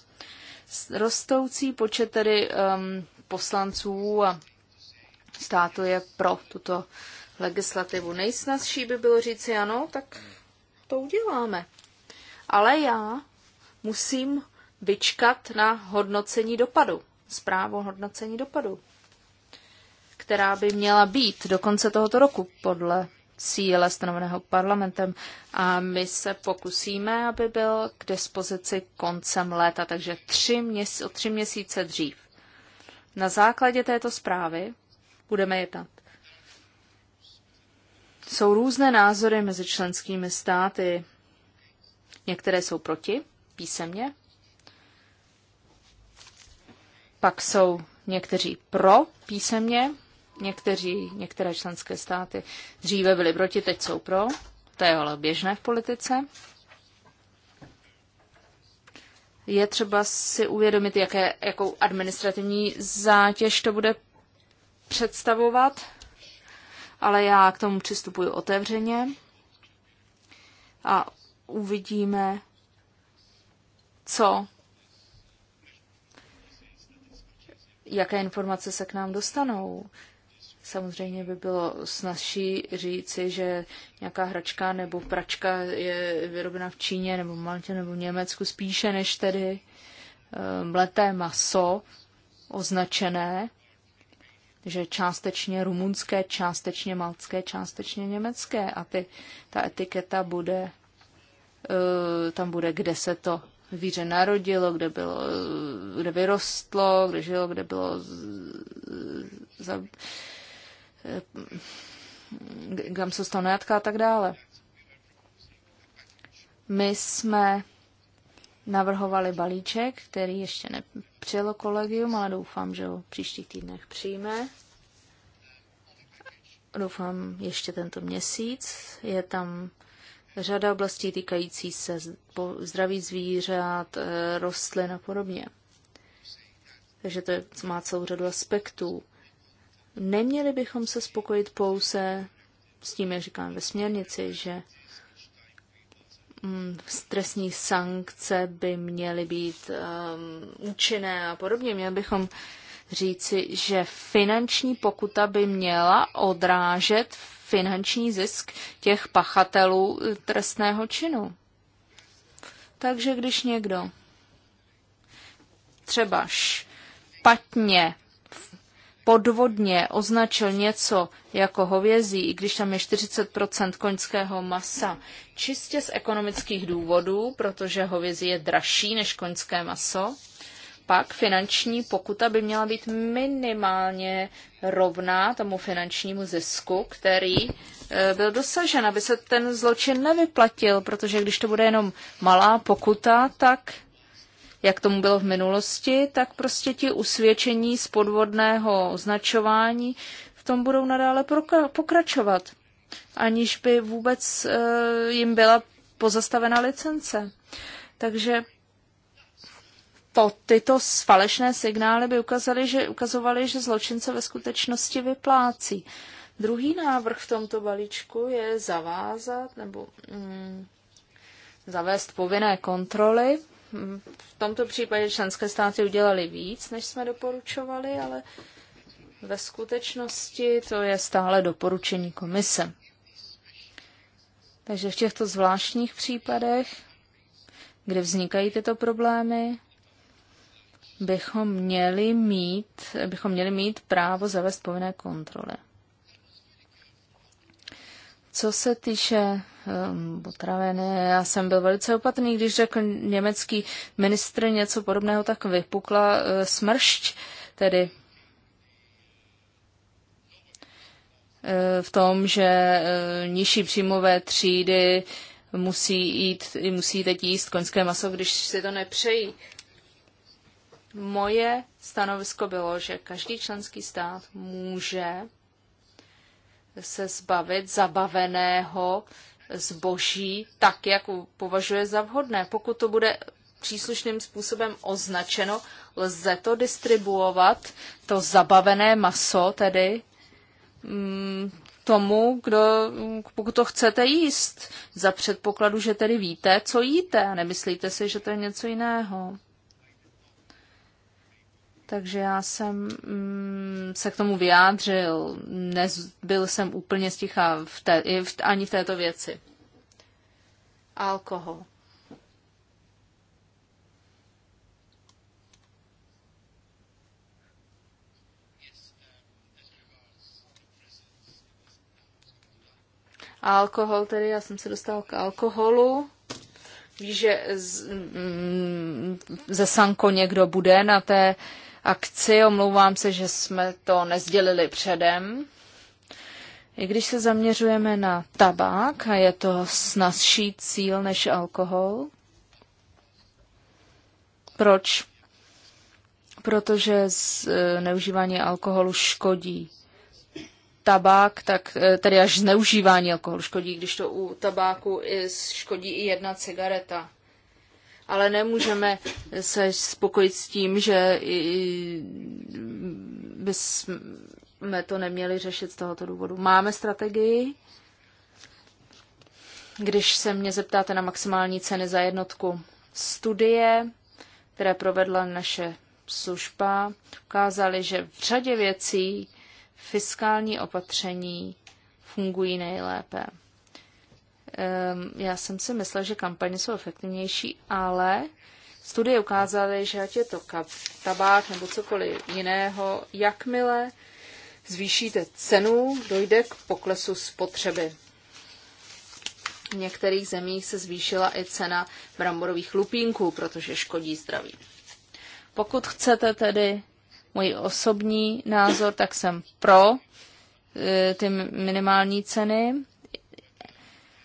Rostoucí počet tedy um, poslanců a státu je pro tuto legislativu. Nejsnazší by bylo říci, ano, tak to uděláme. Ale já musím vyčkat na hodnocení dopadu, zprávu hodnocení dopadu, která by měla být do konce tohoto roku podle cíle stanoveného parlamentem a my se pokusíme, aby byl k dispozici koncem léta, takže tři měsíce, o tři měsíce dřív. Na základě této zprávy budeme jednat. Jsou různé názory mezi členskými státy. Některé jsou proti, písemně, pak jsou někteří pro písemně, někteří, některé členské státy dříve byly proti, teď jsou pro. To je ale běžné v politice. Je třeba si uvědomit, jaké, jakou administrativní zátěž to bude představovat, ale já k tomu přistupuji otevřeně a uvidíme, co jaké informace se k nám dostanou. Samozřejmě by bylo snažší říci, že nějaká hračka nebo pračka je vyrobena v Číně nebo Maltě nebo v Německu spíše než tedy mleté ehm, maso označené, že částečně rumunské, částečně maltské, částečně německé a ty, ta etiketa bude, eh, tam bude, kde se to zvíře narodilo, kde, bylo, kde vyrostlo, kde žilo, kde bylo za, eh, kam jsou stalo a tak dále. My jsme navrhovali balíček, který ještě nepřijelo kolegium, ale doufám, že ho v příštích týdnech přijme. Doufám ještě tento měsíc. Je tam řada oblastí týkající se zdraví zvířat, eh, rostlin a podobně. Takže to má celou řadu aspektů. Neměli bychom se spokojit pouze s tím, jak říkám ve směrnici, že mm, stresní sankce by měly být um, účinné a podobně. Měli bychom říci, že finanční pokuta by měla odrážet finanční zisk těch pachatelů trestného činu. Takže když někdo třeba špatně podvodně označil něco jako hovězí, i když tam je 40% koňského masa, čistě z ekonomických důvodů, protože hovězí je dražší než koňské maso, pak finanční pokuta by měla být minimálně rovná tomu finančnímu zisku, který e, byl dosažen, aby se ten zločin nevyplatil, protože když to bude jenom malá pokuta, tak jak tomu bylo v minulosti, tak prostě ti usvědčení z podvodného označování v tom budou nadále pokračovat, aniž by vůbec e, jim byla pozastavena licence. Takže to, tyto falešné signály by ukazaly, že, ukazovaly, že zločince ve skutečnosti vyplácí. Druhý návrh v tomto balíčku je zavázat nebo mm, zavést povinné kontroly. Mm, v tomto případě členské státy udělali víc, než jsme doporučovali, ale ve skutečnosti to je stále doporučení komise. Takže v těchto zvláštních případech, kde vznikají tyto problémy, bychom měli mít, bychom měli mít právo zavést povinné kontroly. Co se týče um, já jsem byl velice opatrný, když řekl německý ministr něco podobného, tak vypukla uh, smršť, tedy uh, v tom, že uh, nižší příjmové třídy musí, jít, musí teď jíst koňské maso, když si to nepřejí. Moje stanovisko bylo, že každý členský stát může se zbavit zabaveného zboží tak, jak považuje za vhodné. Pokud to bude příslušným způsobem označeno, lze to distribuovat, to zabavené maso tedy, mm, tomu, kdo, pokud to chcete jíst, za předpokladu, že tedy víte, co jíte a nemyslíte si, že to je něco jiného. Takže já jsem mm, se k tomu vyjádřil. Nebyl jsem úplně stichá v té, v, ani v této věci. Alkohol. alkohol tedy, já jsem se dostal k alkoholu. Víš, že z, mm, ze Sanko někdo bude na té uh, akci. Omlouvám se, že jsme to nezdělili předem. I když se zaměřujeme na tabák a je to snazší cíl než alkohol, proč? Protože z e, neužívání alkoholu škodí tabák, tak e, tedy až zneužívání alkoholu škodí, když to u tabáku škodí i jedna cigareta ale nemůžeme se spokojit s tím, že bychom to neměli řešit z tohoto důvodu. Máme strategii. Když se mě zeptáte na maximální ceny za jednotku studie, které provedla naše služba, ukázaly, že v řadě věcí fiskální opatření fungují nejlépe já jsem si myslel, že kampaně jsou efektivnější, ale studie ukázaly, že ať je to tabák nebo cokoliv jiného, jakmile zvýšíte cenu, dojde k poklesu spotřeby. V některých zemích se zvýšila i cena bramborových lupínků, protože škodí zdraví. Pokud chcete tedy můj osobní názor, tak jsem pro eh, ty minimální ceny.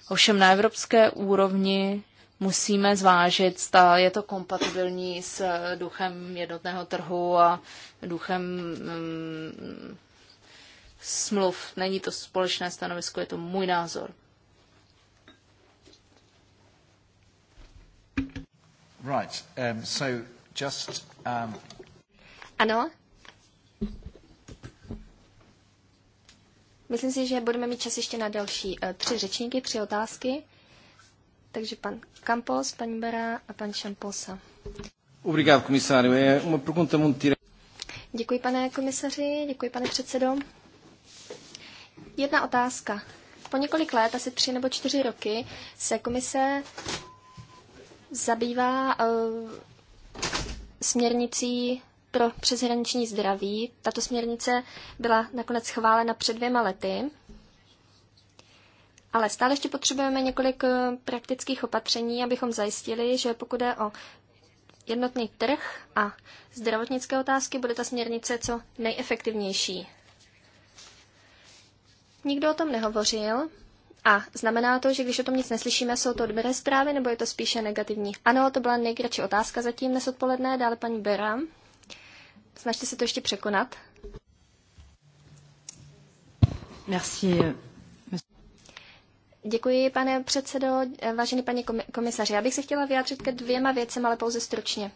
Ovšem na evropské úrovni musíme zvážit, zda je to kompatibilní s duchem jednotného trhu a duchem mm, smluv. Není to společné stanovisko, je to můj názor. Right, um, so just, um... Ano, Myslím si, že budeme mít čas ještě na další eh, tři řečníky, tři otázky. Takže pan Campos, paní Bera a pan Šamposa. Děkuji, pane komisaři, děkuji, pane předsedo. Jedna otázka. Po několik let, asi tři nebo čtyři roky, se komise zabývá uh, směrnicí pro přeshraniční zdraví. Tato směrnice byla nakonec schválena před dvěma lety, ale stále ještě potřebujeme několik eh, praktických opatření, abychom zajistili, že pokud je o jednotný trh a zdravotnické otázky, bude ta směrnice co nejefektivnější. Nikdo o tom nehovořil a znamená to, že když o tom nic neslyšíme, jsou to dobré zprávy nebo je to spíše negativní? Ano, to byla nejkratší otázka zatím dnes odpoledne, dále paní Bera. Snažte se to ještě překonat. Merci. Děkuji, pane předsedo. Vážený paní komisaři, já bych se chtěla vyjádřit ke dvěma věcem, ale pouze stručně.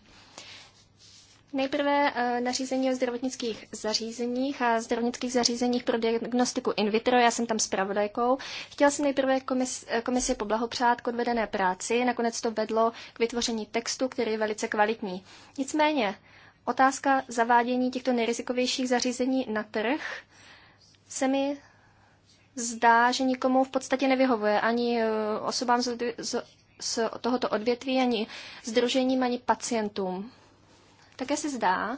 Nejprve eh, nařízení o zdravotnických zařízeních a zdravotnických zařízeních pro diagnostiku in vitro. Já jsem tam zpravodajkou. Chtěla jsem nejprve komis, eh, komisi poblahopřát k odvedené práci. Nakonec to vedlo k vytvoření textu, který je velice kvalitní. Nicméně, otázka zavádění těchto nejrizikovějších zařízení na trh se mi zdá, že nikomu v podstatě nevyhovuje. Ani eh, osobám z, z, z tohoto odvětví, ani združením, ani pacientům. Také se zdá,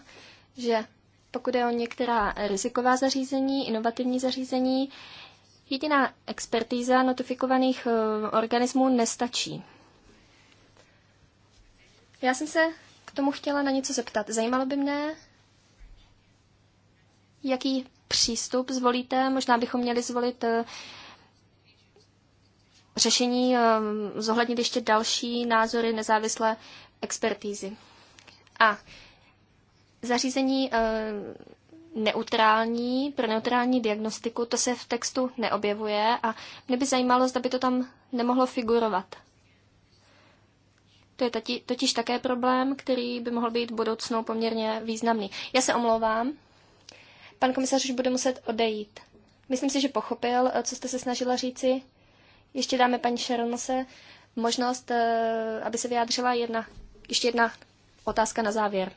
že pokud je o některá riziková zařízení, inovativní zařízení, jediná expertíza notifikovaných eh, organismů nestačí. Já jsem se tomu chtěla na něco zeptat. Zajímalo by mne, jaký přístup zvolíte. Možná bychom měli zvolit eh, řešení, eh, zohlednit ještě další názory nezávislé expertízy. A zařízení eh, neutrální, pro neutrální diagnostiku, to se v textu neobjevuje a mě by zajímalo, zda by to tam nemohlo figurovat. To je tati, totiž také problém, který by mohl být v budoucnu poměrně významný. Já se omlouvám. Pan komisař už bude muset odejít. Myslím si, že pochopil, eh, co jste se snažila říci. Ještě dáme paní Šeronose možnost, eh, aby se vyjádřila jedna, ještě jedna otázka na závěr.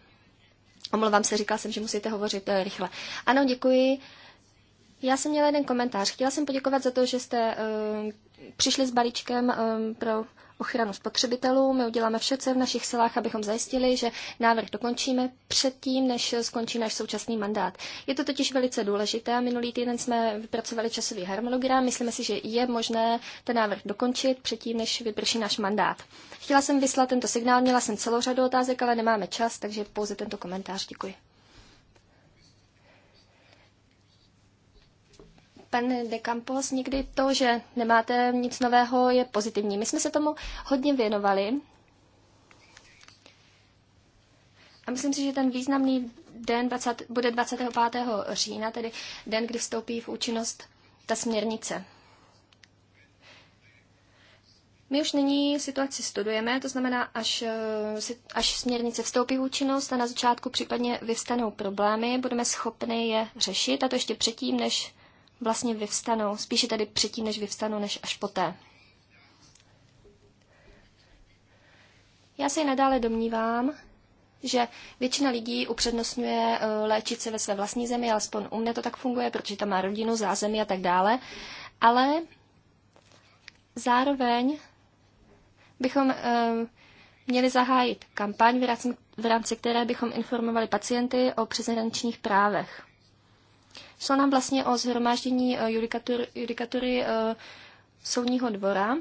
Omlouvám se, říkala jsem, že musíte hovořit eh, rychle. Ano, děkuji. Já jsem měla jeden komentář. Chtěla jsem poděkovat za to, že jste přišli s balíčkem pro ochranu spotřebitelů. My uděláme vše, co je v našich silách, abychom zajistili, že návrh dokončíme předtím, než skončí náš současný mandát. Je to totiž velice důležité. Minulý týden jsme vypracovali časový harmonogram. Myslíme si, že je možné ten návrh dokončit předtím, než vyprší náš mandát. Chtěla jsem vyslat tento signál, měla jsem celou řadu otázek, ale nemáme čas, takže pouze tento komentář. Děkuji. pan De Campos, někdy to, že nemáte nic nového, je pozitivní. My jsme se tomu hodně věnovali. A myslím si, že ten významný den 20, bude 25. října, tedy den, kdy vstoupí v účinnost ta směrnice. My už nyní situaci studujeme, to znamená, až, eh, až směrnice vstoupí v účinnost a na začátku případně vyvstanou problémy, budeme schopni je řešit, a to ještě předtím, než vlastně vyvstanou, spíše tedy předtím, než vyvstanou, než až poté. Já se i nadále domnívám, že většina lidí upřednostňuje eh, léčit se ve své vlastní zemi, alespoň u mne to tak funguje, protože tam má rodinu, zázemí a tak dále, ale zároveň bychom eh, měli zahájit kampaň, v rámci které bychom informovali pacienty o přeshraničních právech. Šlo nám vlastně o zhromáždění eh, judikatury, judikatury eh, soudního dvora.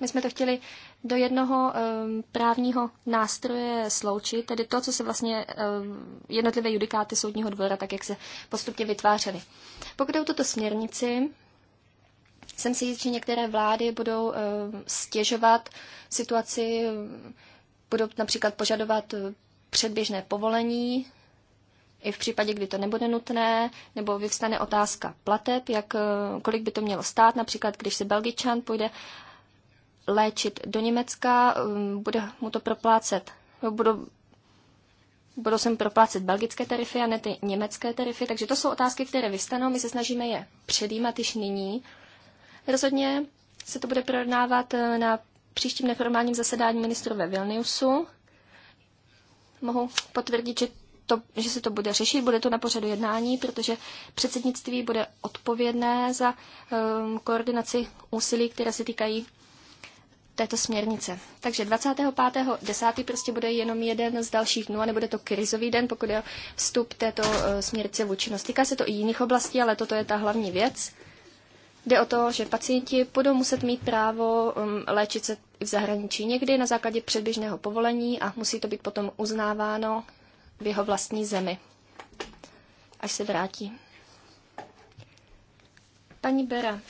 My jsme to chtěli do jednoho eh, právního nástroje sloučit, tedy to, co se vlastně jednotlivé judikáty soudního dvora, tak jak se postupně vytvářely. Pokud jde o tuto směrnici, jsem si jist, že některé vlády budou stěžovat situaci, budou například požadovat předběžné povolení i v případě, kdy to nebude nutné, nebo vyvstane otázka plateb, jak, eh, kolik by to mělo stát. Například, když se Belgičan půjde léčit do Německa, eh, bude mu to proplácet, eh, budou, budou se mu proplácet belgické tarify a ne ty německé tarify. Takže to jsou otázky, které vyvstanou, my se snažíme je předjímat již nyní. Rozhodně se to bude projednávat na příštím neformálním zasedání ministru ve Vilniusu. Mohu potvrdit, že to, že se to bude řešit, bude to na pořadu jednání, protože předsednictví bude odpovědné za um, koordinaci úsilí, které se týkají této směrnice. Takže 25.10. prostě bude jenom jeden z dalších dnů a nebude to krizový den, pokud je vstup této uh, směrnice v účinnost. Týká se to i jiných oblastí, ale toto je ta hlavní věc. Jde o to, že pacienti budou muset mít právo um, léčit se v zahraničí někdy na základě předběžného povolení a musí to být potom uznáváno v jeho vlastní zemi, až se vrátí. Paní Bera,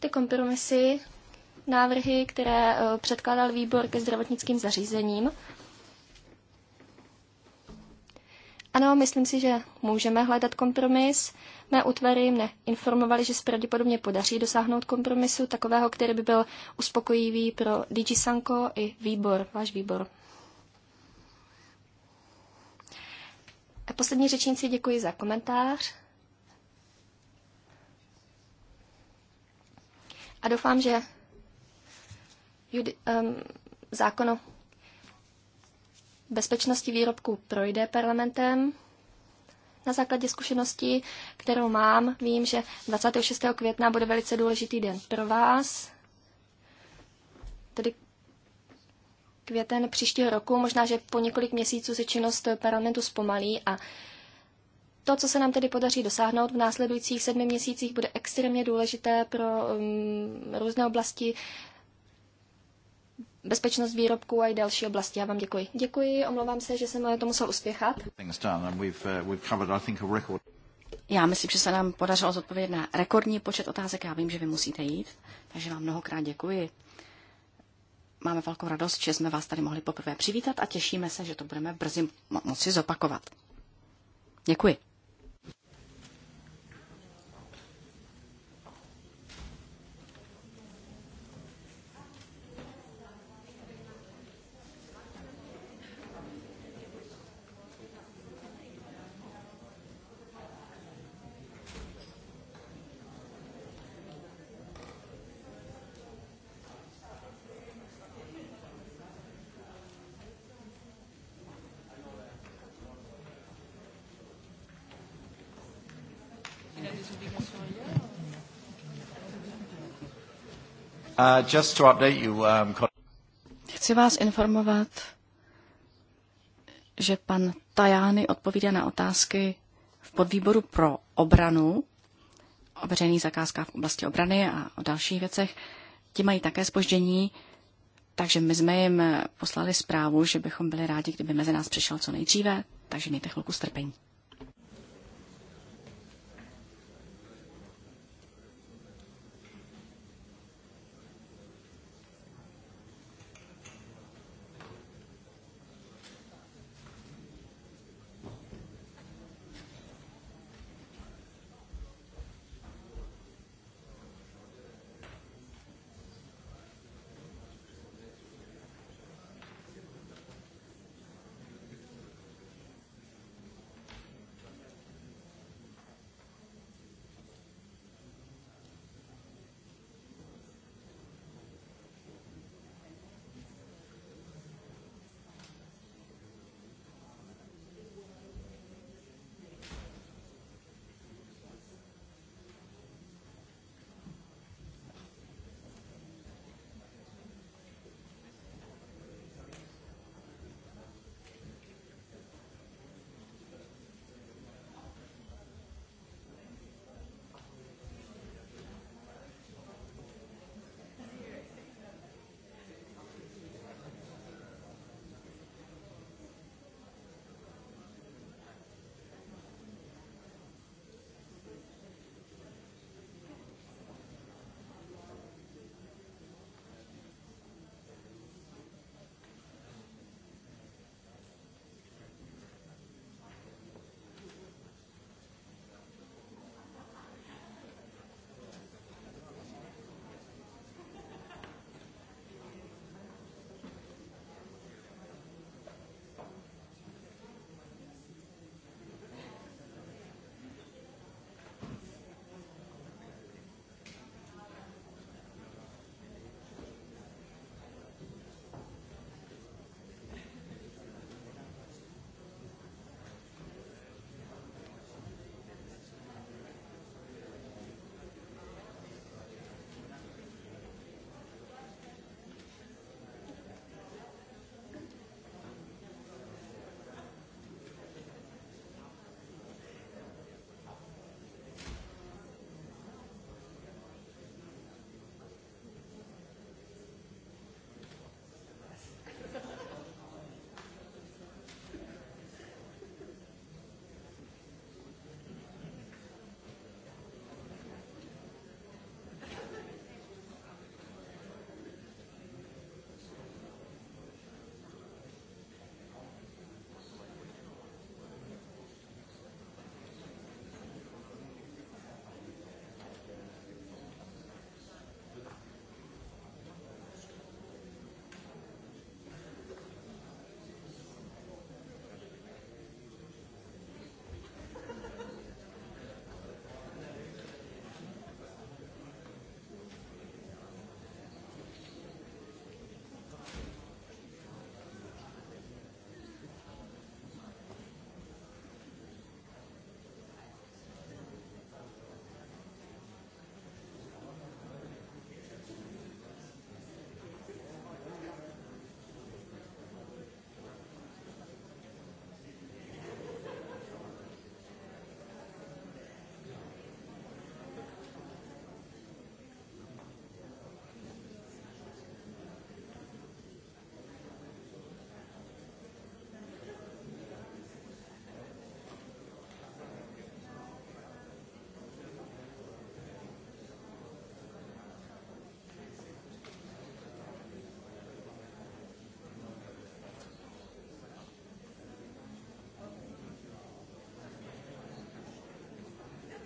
ty kompromisy, návrhy, které eh, předkládal výbor ke zdravotnickým zařízením. Ano, myslím si, že můžeme hledat kompromis. Mé útvary mne informovali, že se pravděpodobně podaří dosáhnout kompromisu, takového, který by byl uspokojivý pro DG Sanko i výbor, váš výbor. Poslední řečníci děkuji za komentář. A doufám, že judi- um, zákon o bezpečnosti výrobků projde parlamentem. Na základě zkušeností, kterou mám, vím, že 26. května bude velice důležitý den pro vás, tedy květen příštího roku. Možná, že po několik měsíců se činnost parlamentu zpomalí a to, co se nám tedy podaří dosáhnout v následujících sedmi měsících, bude extrémně důležité pro um, různé oblasti, bezpečnost výrobků a i další oblasti. Já vám děkuji. Děkuji, omlouvám se, že jsem eh, to musel uspěchat. Eh, Já myslím, že se nám podařilo zodpovědět na rekordní počet otázek. Já vím, že vy musíte jít, takže vám mnohokrát děkuji máme velkou radost, že jsme vás tady mohli poprvé přivítat a těšíme se, že to budeme brzy moci zopakovat. Děkuji. Uh, um, Chci vás informovat, že pan Tajány odpovídá na otázky v podvýboru pro obranu, o veřejných zakázkách v oblasti obrany a o dalších věcech. Ti mají také spoždění, takže my jsme jim poslali zprávu, že bychom byli rádi, kdyby mezi nás přišel co nejdříve, takže mějte chvilku strpení.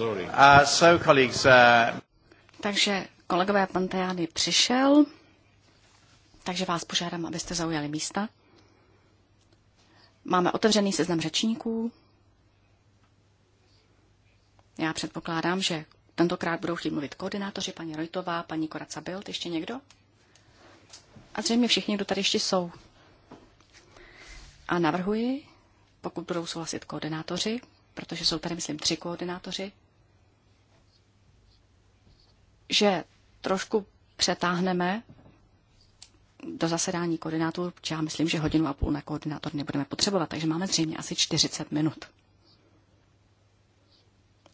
Uh, takže kolegové Panteány přišel, takže vás požádám, abyste zaujali místa. Máme otevřený seznam řečníků. Já předpokládám, že tentokrát budou chtít mluvit koordinátoři, paní Rojtová, paní Koraca Bild, ještě někdo? A zřejmě všichni, kdo tady ještě jsou. A navrhuji, pokud budou souhlasit koordinátoři, protože jsou tady, myslím, tři koordinátoři, že trošku přetáhneme do zasedání koordinátorů, já myslím, že hodinu a půl na koordinátor nebudeme potřebovat, takže máme zřejmě asi 40 minut.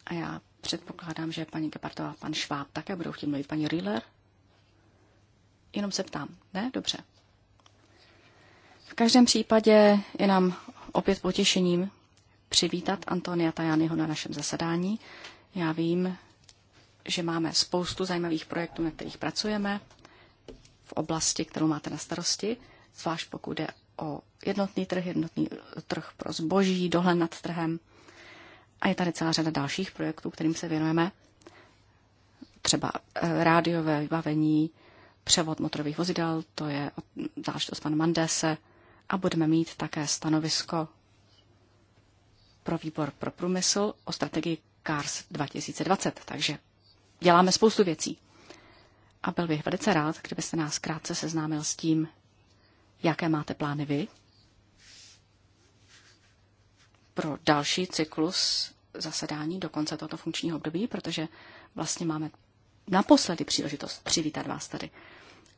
A já předpokládám, že paní Gepartová a pan Šváb také budou chtít mluvit paní Riller. Jenom se ptám. Ne? Dobře. V každém případě je nám opět potěšením přivítat Antonia Tajányho na našem zasedání. Já vím, že máme spoustu zajímavých projektů, na kterých pracujeme v oblasti, kterou máte na starosti, zvlášť pokud jde o jednotný trh, jednotný trh pro zboží, dohled nad trhem. A je tady celá řada dalších projektů, kterým se věnujeme. Třeba eh, rádiové vybavení, převod motorových vozidel, to je záležitost pan Mandese. A budeme mít také stanovisko pro výbor pro průmysl o strategii CARS 2020. Takže děláme spoustu věcí. A byl bych velice rád, kdybyste nás krátce seznámil s tím, jaké máte plány vy pro další cyklus zasedání do konce tohoto funkčního období, protože vlastně máme naposledy příležitost přivítat vás tady.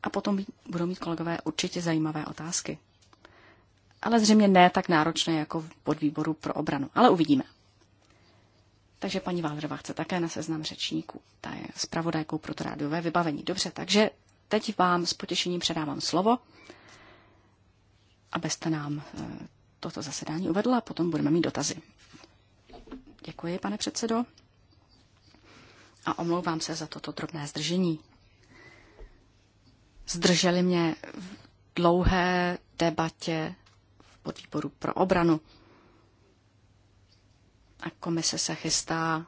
A potom budou mít kolegové určitě zajímavé otázky. Ale zřejmě ne tak náročné jako v podvýboru pro obranu. Ale uvidíme. Takže paní Válerová chce také na seznam řečníků. Ta je zpravodajkou pro to rádiové vybavení. Dobře, takže teď vám s potěšením předávám slovo, abyste nám eh, toto zasedání uvedla a potom budeme mít dotazy. Děkuji, pane předsedo. A omlouvám se za toto drobné zdržení. Zdrželi mě v dlouhé debatě v podvýboru pro obranu a komise se chystá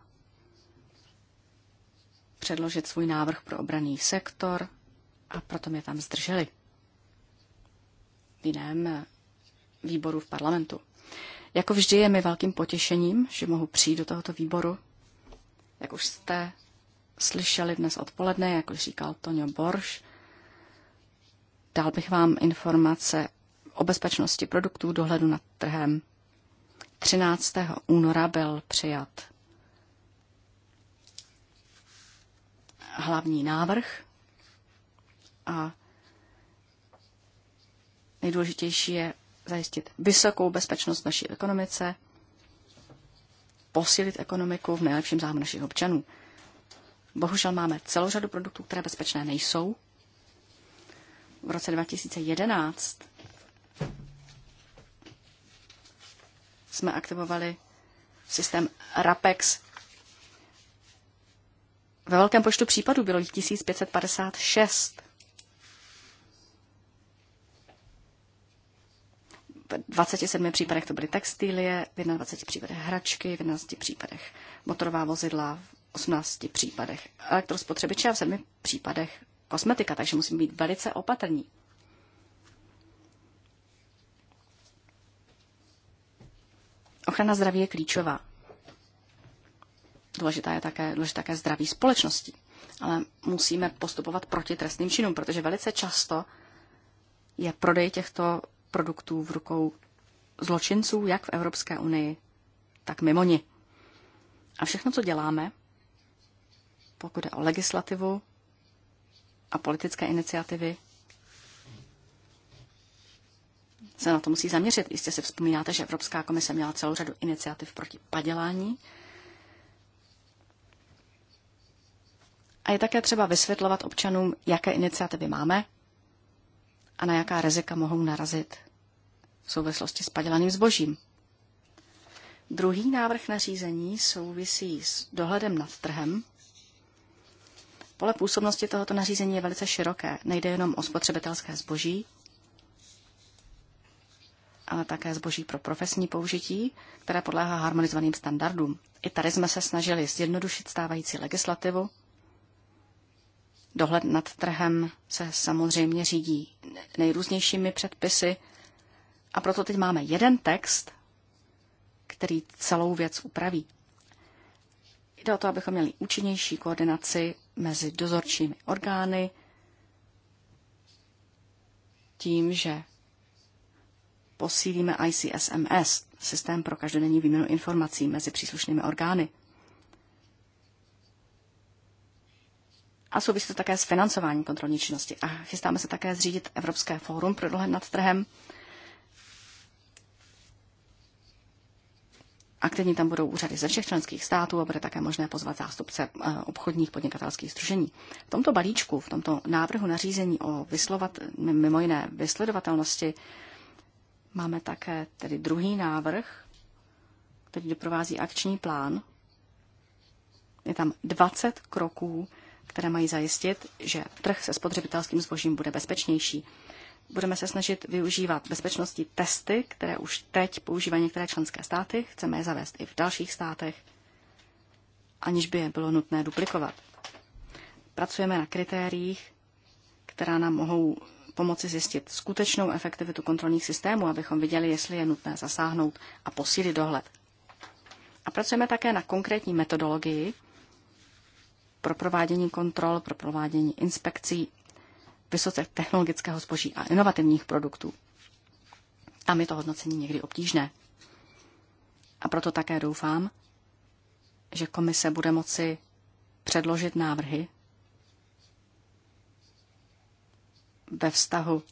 předložit svůj návrh pro obraný sektor a proto mě tam zdrželi v jiném výboru v parlamentu. Jako vždy je mi velkým potěšením, že mohu přijít do tohoto výboru. Jak už jste slyšeli dnes odpoledne, jak už říkal Tonio Borš, dal bych vám informace o bezpečnosti produktů, dohledu nad trhem 13. února byl přijat hlavní návrh a nejdůležitější je zajistit vysokou bezpečnost naší ekonomice, posílit ekonomiku v nejlepším zájmu našich občanů. Bohužel máme celou řadu produktů, které bezpečné nejsou. V roce 2011 jsme aktivovali systém RAPEX. Ve velkém počtu případů bylo 1556. 27 případech to byly textilie, v 21 případech hračky, v 11 případech motorová vozidla, v 18 případech elektrospotřebiče a v 7 případech kosmetika, takže musím být velice opatrní. Ochrana zdraví je klíčová. Důležitá je také, důležitá také zdraví společnosti, Ale musíme postupovat proti trestným činům, protože velice často je prodej těchto produktů v rukou zločinců, jak v Evropské unii, tak mimo ní. A všechno, co děláme, pokud je o legislativu a politické iniciativy, se na to musí zaměřit. Jistě si vzpomínáte, že Evropská komise měla celou řadu iniciativ proti padělání. A je také třeba vysvětlovat občanům, jaké iniciativy máme a na jaká rizika mohou narazit v souvislosti s padělaným zbožím. Druhý návrh nařízení souvisí s dohledem nad trhem. Pole působnosti tohoto nařízení je velice široké. Nejde jenom o spotřebitelské zboží, ale také zboží pro profesní použití, které podléhá harmonizovaným standardům. I tady jsme se snažili zjednodušit stávající legislativu. Dohled nad trhem se samozřejmě řídí nejrůznějšími předpisy a proto teď máme jeden text, který celou věc upraví. Jde o to, abychom měli účinnější koordinaci mezi dozorčími orgány, tím, že posílíme ICSMS, systém pro každodenní výměnu informací mezi příslušnými orgány. A souvisí to také s financováním kontrolní činnosti. A chystáme se také zřídit Evropské fórum pro dohled nad trhem. Aktivní tam budou úřady ze všech členských států a bude také možné pozvat zástupce eh, obchodních podnikatelských združení. V tomto balíčku, v tomto návrhu nařízení o vyslovat, mimo jiné vysledovatelnosti, Máme také tedy druhý návrh, který doprovází akční plán. Je tam 20 kroků, které mají zajistit, že trh se spotřebitelským zbožím bude bezpečnější. Budeme se snažit využívat bezpečnostní testy, které už teď používají některé členské státy. Chceme je zavést i v dalších státech, aniž by je bylo nutné duplikovat. Pracujeme na kritériích, která nám mohou pomoci zjistit skutečnou efektivitu kontrolních systémů, abychom viděli, jestli je nutné zasáhnout a posílit dohled. A pracujeme také na konkrétní metodologii pro provádění kontrol, pro provádění inspekcí vysoce technologického zboží a inovativních produktů. Tam je to hodnocení někdy obtížné. A proto také doufám, že komise bude moci předložit návrhy ve vztahu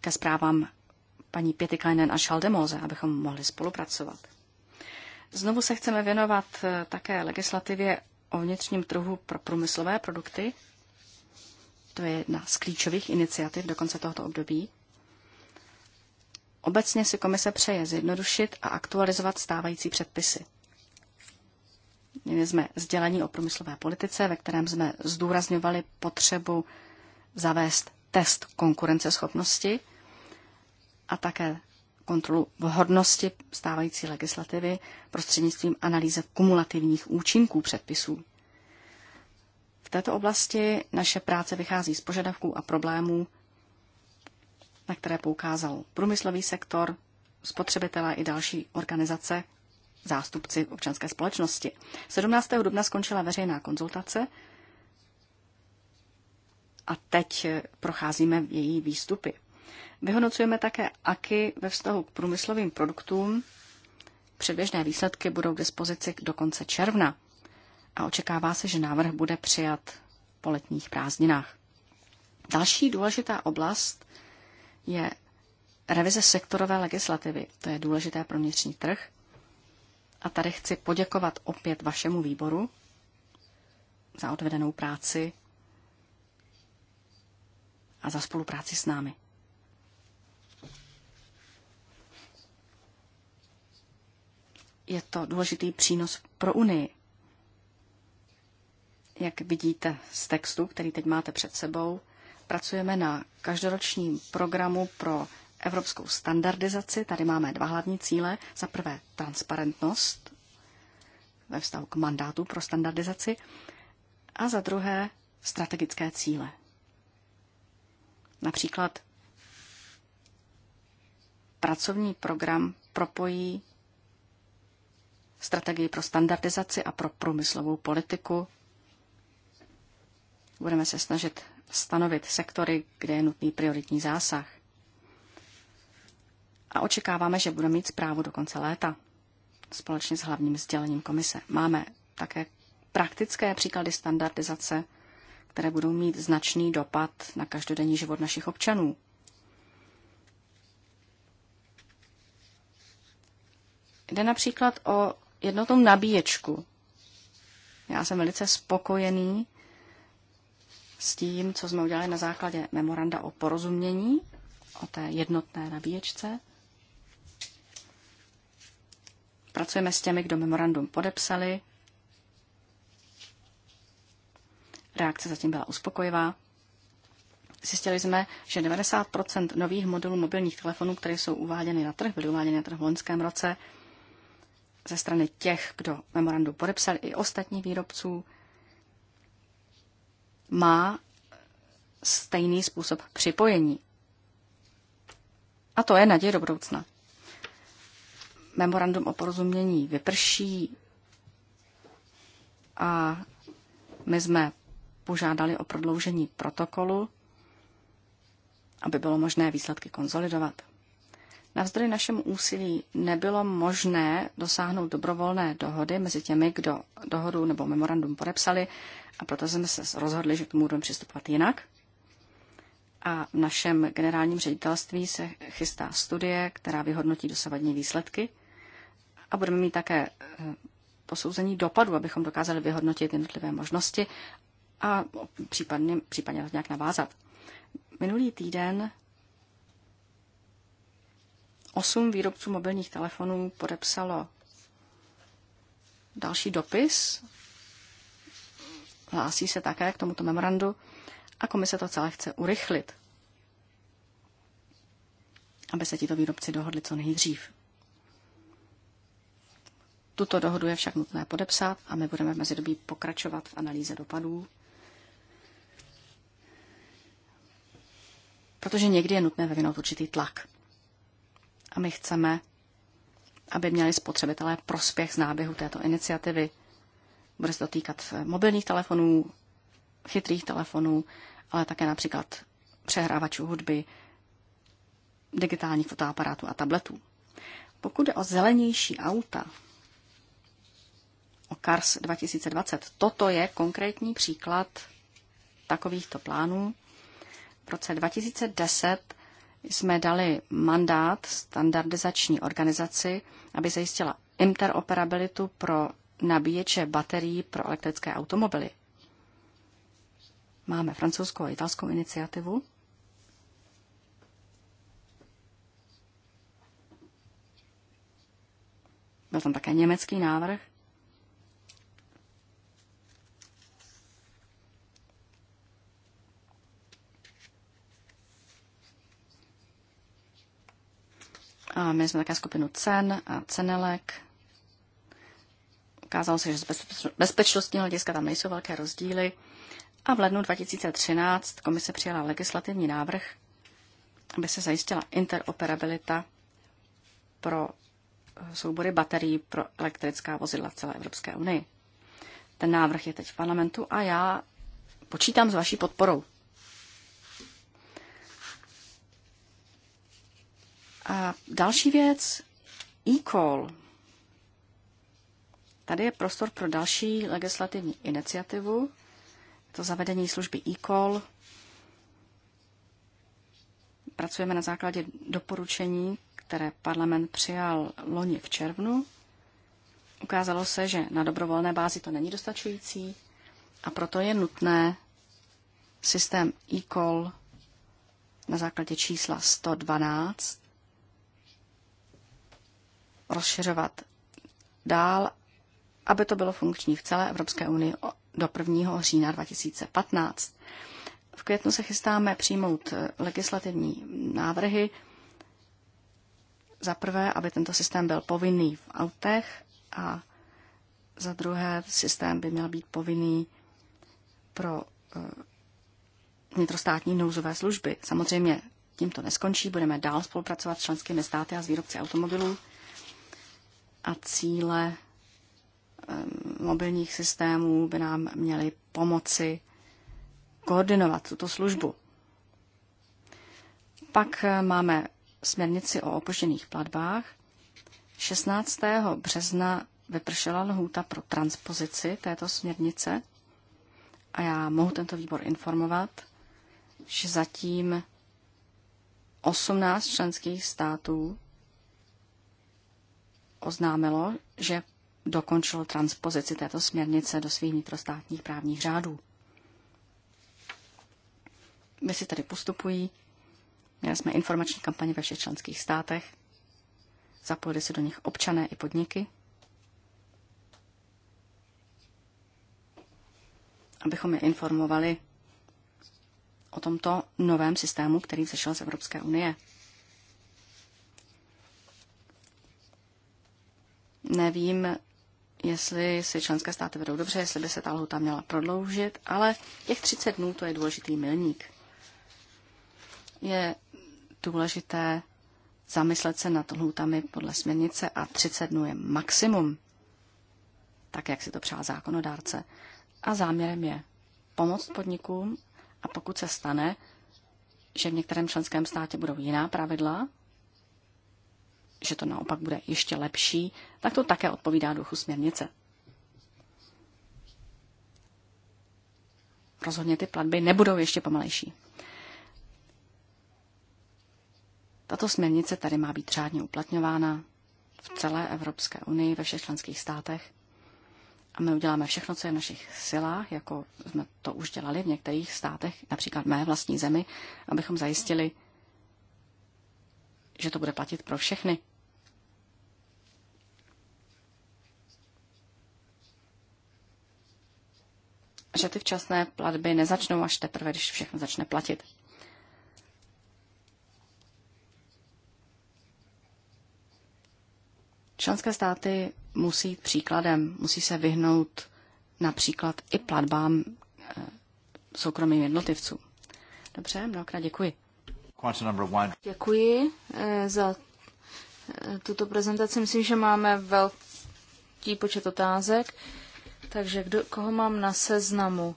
ke zprávám paní Pětikajnen a Šaldemoze, abychom mohli spolupracovat. Znovu se chceme věnovat eh, také legislativě o vnitřním trhu pro průmyslové produkty. To je jedna z klíčových iniciativ do konce tohoto období. Obecně si komise přeje zjednodušit a aktualizovat stávající předpisy. Měli jsme sdělení o průmyslové politice, ve kterém jsme zdůrazňovali potřebu zavést test konkurenceschopnosti a také kontrolu vhodnosti stávající legislativy prostřednictvím analýze kumulativních účinků předpisů. V této oblasti naše práce vychází z požadavků a problémů, na které poukázal průmyslový sektor, spotřebitelé i další organizace, zástupci občanské společnosti. 17. dubna skončila veřejná konzultace a teď procházíme její výstupy. Vyhodnocujeme také AKY ve vztahu k průmyslovým produktům. Předběžné výsledky budou k dispozici do konce června a očekává se, že návrh bude přijat po letních prázdninách. Další důležitá oblast je revize sektorové legislativy. To je důležité pro vnitřní trh. A tady chci poděkovat opět vašemu výboru za odvedenou práci a za spolupráci s námi. Je to důležitý přínos pro Unii. Jak vidíte z textu, který teď máte před sebou, pracujeme na každoročním programu pro evropskou standardizaci. Tady máme dva hlavní cíle. Za prvé transparentnost ve vztahu k mandátu pro standardizaci a za druhé strategické cíle. Například pracovní program propojí strategii pro standardizaci a pro průmyslovou politiku. Budeme se snažit stanovit sektory, kde je nutný prioritní zásah. A očekáváme, že budeme mít zprávu do konce léta společně s hlavním sdělením komise. Máme také praktické příklady standardizace které budou mít značný dopad na každodenní život našich občanů. Jde například o jednotnou nabíječku. Já jsem velice spokojený s tím, co jsme udělali na základě memoranda o porozumění, o té jednotné nabíječce. Pracujeme s těmi, kdo memorandum podepsali, Reakce zatím byla uspokojivá. Zjistili jsme, že 90 nových modelů mobilních telefonů, které jsou uváděny na trh, byly uváděny na trh v loňském roce ze strany těch, kdo memorandum podepsali, i ostatních výrobců, má stejný způsob připojení. A to je naděje do budoucna. Memorandum o porozumění vyprší a my jsme požádali o prodloužení protokolu, aby bylo možné výsledky konzolidovat. Navzdory našemu úsilí nebylo možné dosáhnout dobrovolné dohody mezi těmi, kdo dohodu nebo memorandum podepsali, a proto jsme se rozhodli, že k tomu budeme přistupovat jinak. A v našem generálním ředitelství se chystá studie, která vyhodnotí dosavadní výsledky. A budeme mít také eh, posouzení dopadu, abychom dokázali vyhodnotit jednotlivé možnosti a případně, případně nějak navázat. Minulý týden osm výrobců mobilních telefonů podepsalo další dopis, hlásí se také k tomuto memorandu a komise to celé chce urychlit, aby se tito výrobci dohodli co nejdřív. Tuto dohodu je však nutné podepsat a my budeme v mezidobí pokračovat v analýze dopadů protože někdy je nutné vyvinout určitý tlak. A my chceme, aby měli spotřebitelé prospěch z náběhu této iniciativy. Bude se to týkat mobilních telefonů, chytrých telefonů, ale také například přehrávačů hudby, digitálních fotoaparátů a tabletů. Pokud jde o zelenější auta, o CARS 2020, toto je konkrétní příklad takovýchto plánů, v roce 2010 jsme dali mandát standardizační organizaci, aby zajistila interoperabilitu pro nabíječe baterií pro elektrické automobily. Máme francouzskou a italskou iniciativu. Byl tam také německý návrh A my jsme také skupinu cen a cenelek. Ukázalo se, že z bezpečnostního hlediska tam nejsou velké rozdíly. A v lednu 2013 komise přijala legislativní návrh, aby se zajistila interoperabilita pro eh, soubory baterií pro elektrická vozidla v celé Evropské unii. Ten návrh je teď v parlamentu a já počítám s vaší podporou. A další věc, e-call. Tady je prostor pro další legislativní iniciativu. to zavedení služby e-call. Pracujeme na základě doporučení, které parlament přijal loni v červnu. Ukázalo se, že na dobrovolné bázi to není dostačující a proto je nutné systém e-call na základě čísla 112 rozšiřovat dál, aby to bylo funkční v celé Evropské unii do 1. října 2015. V květnu se chystáme přijmout eh, legislativní návrhy. Za prvé, aby tento systém byl povinný v autech a za druhé, systém by měl být povinný pro eh, vnitrostátní nouzové služby. Samozřejmě tím to neskončí, budeme dál spolupracovat s členskými státy a s výrobci automobilů, a cíle mobilních systémů by nám měly pomoci koordinovat tuto službu. Pak eh, máme směrnici o opožděných platbách. 16. března vypršela lhůta pro transpozici této směrnice a já mohu tento výbor informovat, že zatím 18 členských států oznámilo, že dokončilo transpozici této směrnice do svých vnitrostátních právních řádů. si tady postupují. Měli jsme informační kampaně ve všech členských státech. Zapojili se do nich občané i podniky. Abychom je informovali o tomto novém systému, který vzešel z Evropské unie. Nevím, jestli si členské státy vedou dobře, jestli by se ta lhuta měla prodloužit, ale těch 30 dnů to je důležitý milník. Je důležité zamyslet se nad lhůtami podle směrnice a 30 dnů je maximum, tak jak si to přál zákonodárce. A záměrem je pomoct podnikům a pokud se stane, že v některém členském státě budou jiná pravidla, že to naopak bude ještě lepší, tak to také odpovídá duchu směrnice. Rozhodně ty platby nebudou ještě pomalejší. Tato směrnice tady má být řádně uplatňována v celé Evropské unii, ve všech členských státech. A my uděláme všechno, co je v našich silách, jako jsme to už dělali v některých státech, například mé vlastní zemi, abychom zajistili, že to bude platit pro všechny. že ty včasné platby nezačnou až teprve, když všechno začne platit. Členské státy musí příkladem, musí se vyhnout například i platbám eh, soukromým jednotlivcům. Dobře, mnohokrát děkuji. Děkuji eh, za eh, tuto prezentaci. Myslím, že máme velký počet otázek. Takže kdo, koho mám na seznamu?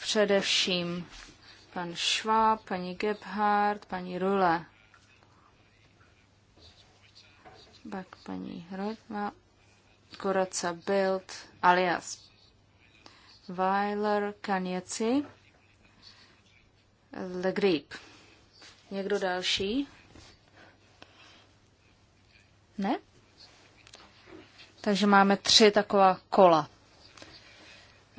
Především pan Schwab, paní Gebhardt, paní Rule. Pak paní Rodma, Koraca Bild, alias Weiler, Kaněci, Le Grip. Někdo další? Ne? Takže máme tři taková kola.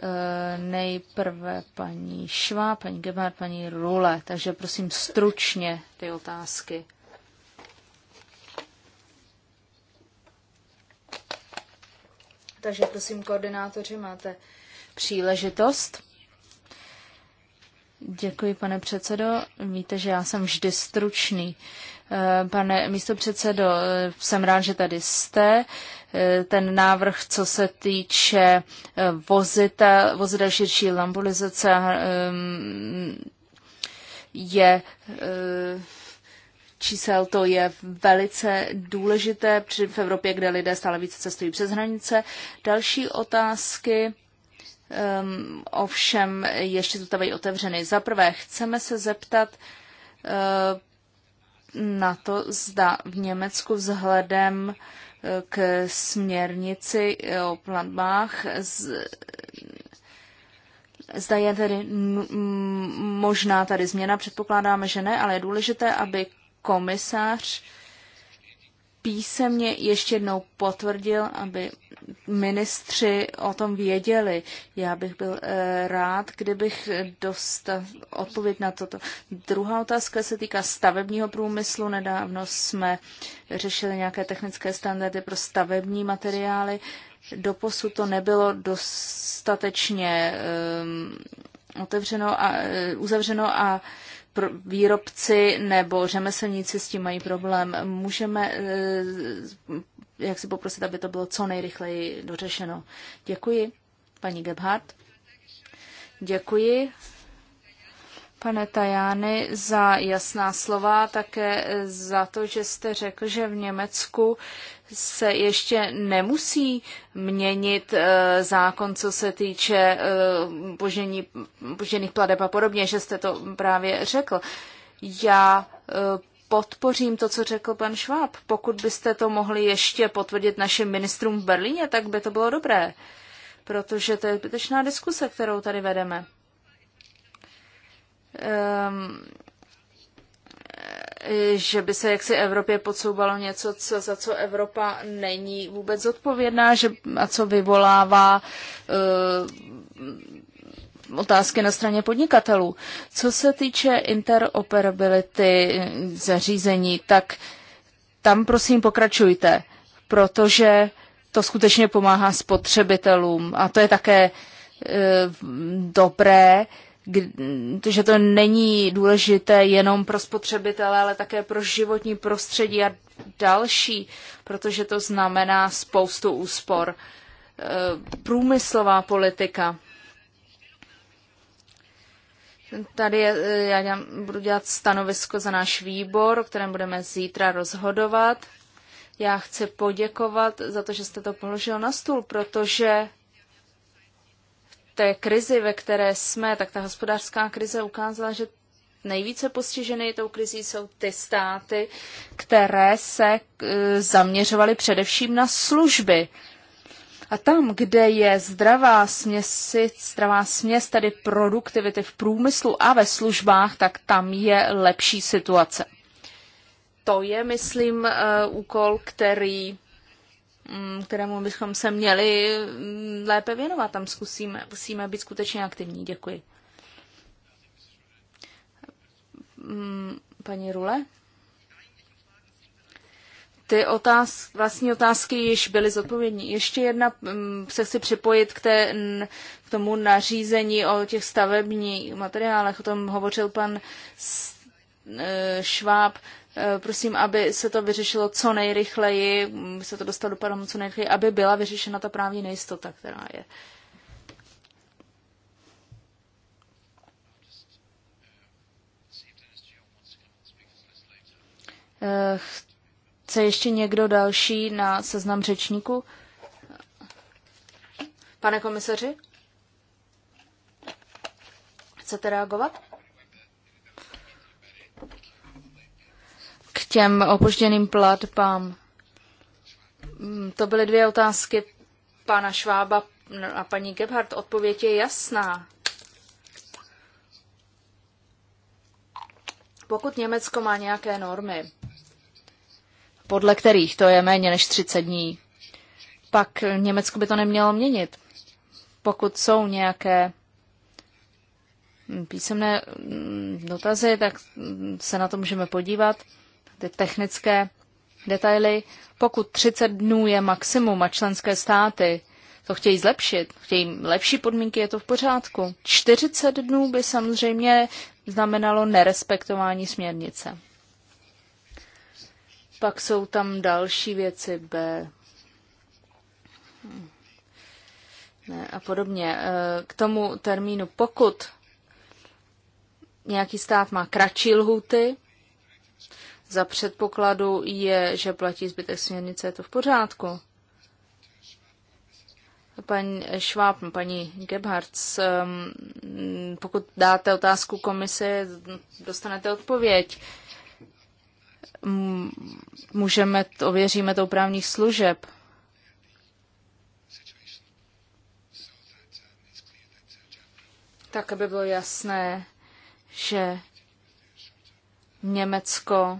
Eh, nejprve paní Šva, paní Gebár, paní Rule. Takže prosím stručně ty otázky. Takže prosím, koordinátoři, máte příležitost. Děkuji, pane předsedo. Víte, že já jsem vždy stručný. Eh, pane místo předsedo, eh, jsem rád, že tady jste. Eh, ten návrh, co se týče eh, vozita, vozidel širší lambolizace, eh, je čísel, to je velice důležité v Evropě, kde lidé stále více cestují přes hranice. Další otázky. Um, ovšem ještě zůstávají otevřeny. Za prvé, chceme se zeptat uh, na to, zda v Německu vzhledem k směrnici o platbách. Zda je tedy možná tady změna, předpokládáme, že ne, ale je důležité, aby komisář písemně ještě jednou potvrdil, aby ministři o tom věděli. Já bych byl eh, rád, kdybych dostal odpověď na toto. Druhá otázka se týká stavebního průmyslu. Nedávno jsme řešili nějaké technické standardy pro stavební materiály. Doposud to nebylo dostatečně um, otevřeno a eh, uzavřeno a výrobci nebo řemeslníci s tím mají problém. Můžeme eh, jak si poprosit, aby to bylo co nejrychleji dořešeno. Děkuji, paní Gebhardt. Děkuji pane Tajány, za jasná slova, také za to, že jste řekl, že v Německu se ještě nemusí měnit eh, zákon, co se týče božení, eh, božených pladeb a podobně, že jste to právě řekl. Já eh, podpořím to, co řekl pan Šváb. Pokud byste to mohli ještě potvrdit našim ministrům v Berlíně, tak by to bylo dobré, protože to je zbytečná diskuse, kterou tady vedeme. Ehm, že by se jaksi Evropě podsouvalo něco, co, za co Evropa není vůbec zodpovědná že, a co vyvolává uh, otázky na straně podnikatelů. Co se týče interoperability zařízení, tak tam prosím pokračujte, protože to skutečně pomáhá spotřebitelům a to je také uh, dobré. Uh, že to není důležité jenom pro spotřebitele, ale také pro životní prostředí a další, protože to znamená spoustu úspor. E, průmyslová politika. Tady e, já dělám, budu dělat stanovisko za náš výbor, o kterém budeme zítra rozhodovat. Já chci poděkovat za to, že jste to položil na stůl, protože té krizi, ve které jsme, tak ta hospodářská krize ukázala, že nejvíce postiženy tou krizí jsou ty státy, které se e, zaměřovaly především na služby. A tam, kde je zdravá směs, zdravá směs tedy produktivity v průmyslu a ve službách, tak tam je lepší situace. To je, myslím, e, úkol, který Mm, kterému bychom se měli mm, lépe věnovat. Tam zkusíme, musíme být skutečně aktivní. Děkuji. Mm, paní Rule? Ty otázky, vlastní otázky již byly zodpovědní. Ještě jedna se chci připojit k, té, k tomu nařízení o těch stavebních materiálech. O tom hovořil pan e, Šváb. Eh, prosím, aby se to vyřešilo co nejrychleji, mm, se to dostalo do parlamentu co nejrychleji, aby byla vyřešena ta právní nejistota, která je. Eh, chce ještě někdo další na seznam řečníků? Pane komisaři? Chcete reagovat? těm opožděným platbám. Mm, to byly dvě otázky pana Švába a paní Gebhardt. Odpověď je jasná. Pokud Německo má nějaké normy, podle kterých to je méně než 30 dní, pak Německo by to nemělo měnit. Pokud jsou nějaké mm, písemné mm, dotazy, tak se na to můžeme podívat ty technické detaily. Pokud 30 dnů je maximum a členské státy to chtějí zlepšit, chtějí lepší podmínky, je to v pořádku. 40 dnů by samozřejmě znamenalo nerespektování směrnice. Pak jsou tam další věci B a podobně. Eh, k tomu termínu, pokud nějaký stát má kratší lhuty, za předpokladu je, že platí zbytek směrnice, je to v pořádku. Pan Schwab, paní Gebhardt, um, pokud dáte otázku komise, dostanete odpověď. Můžeme, ověříme to u právních služeb. Tak, aby bylo jasné, že Německo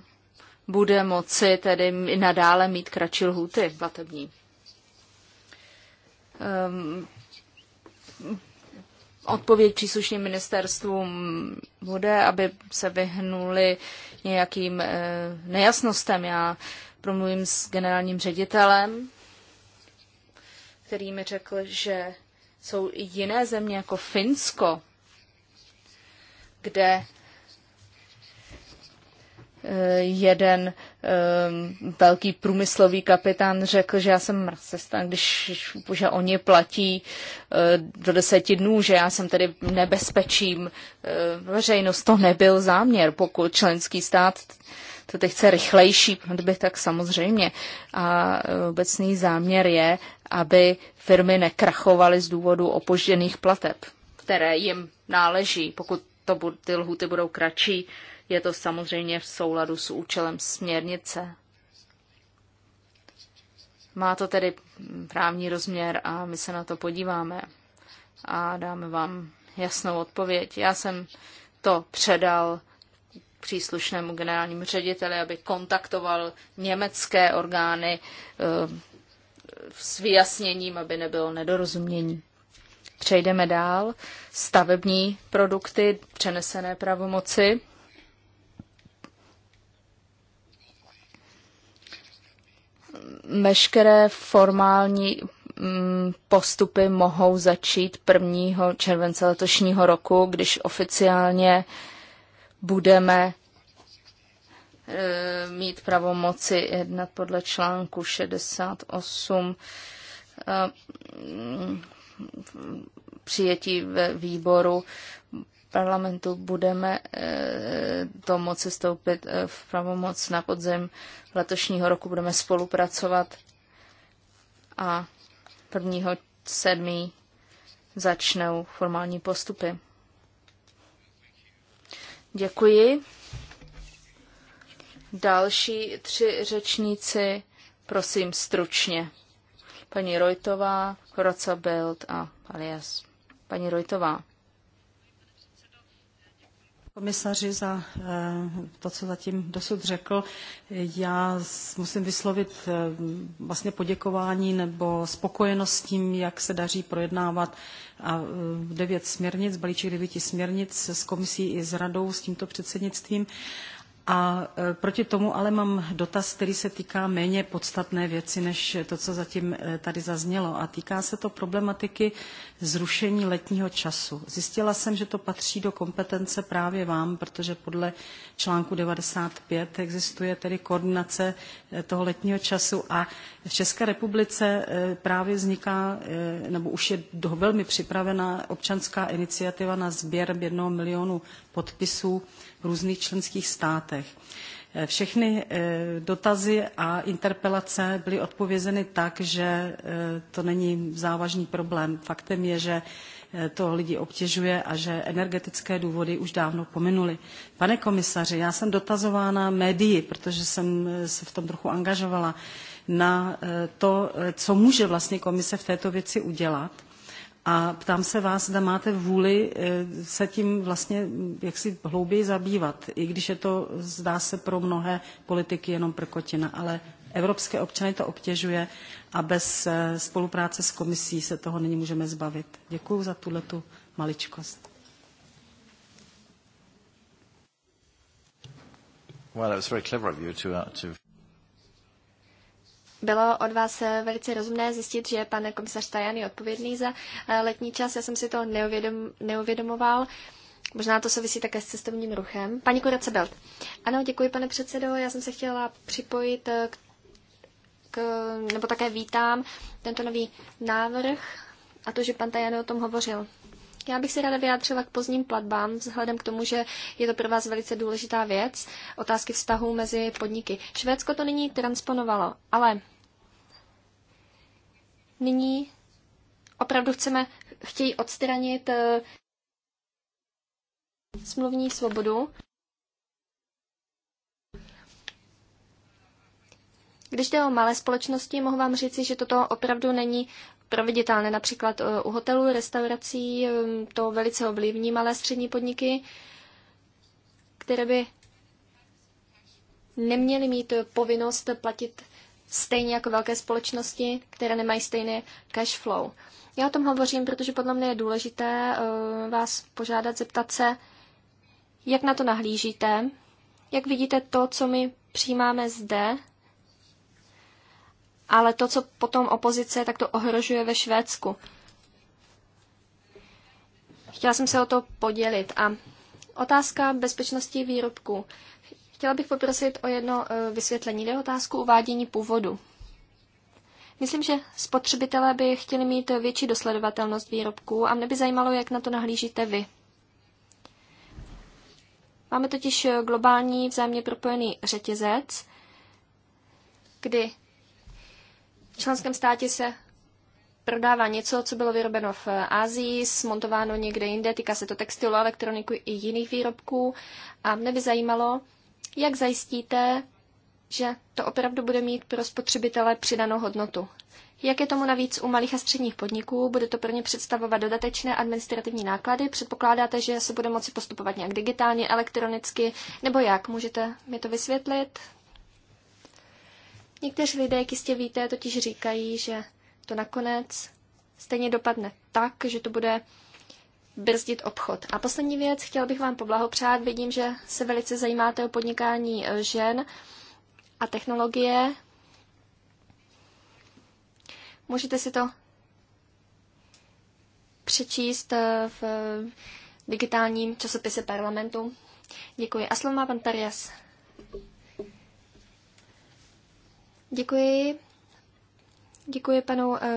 bude moci tedy nadále mít kratší lhuty platební. Um, odpověď příslušným ministerstvům bude, aby se vyhnuli nějakým e, nejasnostem. Já promluvím s generálním ředitelem, který mi řekl, že jsou i jiné země jako Finsko, kde jeden um, velký průmyslový kapitán řekl, že já jsem marxista, když že oni platí uh, do deseti dnů, že já jsem tedy nebezpečím. Uh, veřejnost to nebyl záměr, pokud členský stát to teď chce rychlejší by tak samozřejmě. A eh, obecný záměr je, aby firmy nekrachovaly z důvodu opožděných plateb, které jim náleží. Pokud to, ty lhuty budou kratší, je to samozřejmě v souladu s účelem směrnice. Má to tedy právní rozměr a my se na to podíváme a dáme vám jasnou odpověď. Já jsem to předal příslušnému generálnímu řediteli, aby kontaktoval německé orgány eh, s vyjasněním, aby nebylo nedorozumění. Přejdeme dál. Stavební produkty, přenesené pravomoci. veškeré formální mm, postupy mohou začít 1. července letošního roku, když oficiálně budeme eh, mít pravomoci jednat podle článku 68 eh, mm, přijetí ve výboru parlamentu budeme eh, to moci stoupit eh, v pravomoc na podzim letošního roku. Budeme spolupracovat a 1. 7. začnou formální postupy. Děkuji. Další tři řečníci, prosím stručně. Paní Rojtová, Koraca Belt a Alias. Paní Rojtová komisaři za eh, to, co zatím dosud řekl. Já musím vyslovit eh, vlastně poděkování nebo spokojenost s tím, jak se daří projednávat a eh, devět směrnic, balíček devíti směrnic s komisí i s radou, s tímto předsednictvím. A e, proti tomu ale mám dotaz, který se týká méně podstatné věci, než to, co zatím e, tady zaznělo. A týká se to problematiky zrušení letního času. Zjistila jsem, že to patří do kompetence právě vám, protože podle článku 95 existuje tedy koordinace e, toho letního času a v České republice právě vzniká, nebo už je velmi připravena občanská iniciativa na sběr jednoho milionu podpisů v různých členských státech. Eh, všechny eh, dotazy a interpelace byly odpovězeny tak, že eh, to není závažný problém. Faktem je, že to lidi obtěžuje a že energetické důvody už dávno pominuly. Pane komisaři, já jsem dotazována médii, protože jsem se v tom trochu angažovala, na to, co může vlastně komise v této věci udělat. A ptám se vás, zda máte vůli eh, se tím vlastně hm, jaksi hlouběji zabývat, i když je to, zdá se, pro mnohé politiky jenom prkotina, ale evropské občany to obtěžuje a bez eh, spolupráce s komisí se toho nyní můžeme zbavit. Děkuji za tuhle tu maličkost. Well, that was very clever of you to, uh, to bylo od vás eh, velice rozumné zjistit, že pan komisař Tajan je odpovědný za eh, letní čas. Já jsem si to neuvědom, neuvědomoval. Možná to souvisí také s cestovním ruchem. Paní Kurace Belt. Ano, děkuji, pane předsedo. Já jsem se chtěla připojit eh, k, k nebo také vítám tento nový návrh a to, že pan Tajan o tom hovořil. Já bych se ráda vyjádřila k pozdním platbám, vzhledem k tomu, že je to pro vás velice důležitá věc, otázky vztahů mezi podniky. Švédsko to nyní transponovalo, ale nyní opravdu chceme, chtějí odstranit eh, smluvní svobodu. Když jde o malé společnosti, mohu vám říci, že toto opravdu není proveditelné. Například eh, u hotelů, restaurací eh, to velice ovlivní malé střední podniky, které by neměly mít povinnost platit stejně jako velké společnosti, které nemají stejné cash flow. Já o tom hovořím, protože podle mě je důležité eh, vás požádat, zeptat se, jak na to nahlížíte, jak vidíte to, co my přijímáme zde, ale to, co potom opozice, tak to ohrožuje ve Švédsku. Chtěla jsem se o to podělit. A otázka bezpečnosti výrobků. Chtěla bych poprosit o jedno e, vysvětlení. Jde otázku uvádění původu. Myslím, že spotřebitelé by chtěli mít větší dosledovatelnost výrobků a mne by zajímalo, jak na to nahlížíte vy. Máme totiž globální vzájemně propojený řetězec, kdy v členském státě se prodává něco, co bylo vyrobeno v Ázii, smontováno někde jinde, týká se to textilu, elektroniku i jiných výrobků. A mne by zajímalo, jak zajistíte, že to opravdu bude mít pro spotřebitele přidanou hodnotu? Jak je tomu navíc u malých a středních podniků, bude to pro ně představovat dodatečné administrativní náklady? Předpokládáte, že se bude moci postupovat nějak digitálně, elektronicky, nebo jak? Můžete mi to vysvětlit? Někteří lidé, jak jistě víte, totiž říkají, že to nakonec stejně dopadne tak, že to bude brzdit obchod. A poslední věc, chtěl bych vám poblahopřát. Vidím, že se velice zajímáte o podnikání e, žen a technologie. Můžete si to přečíst e, v digitálním časopise parlamentu. Děkuji. A slovo má pan Tarias. Děkuji. Děkuji panu e,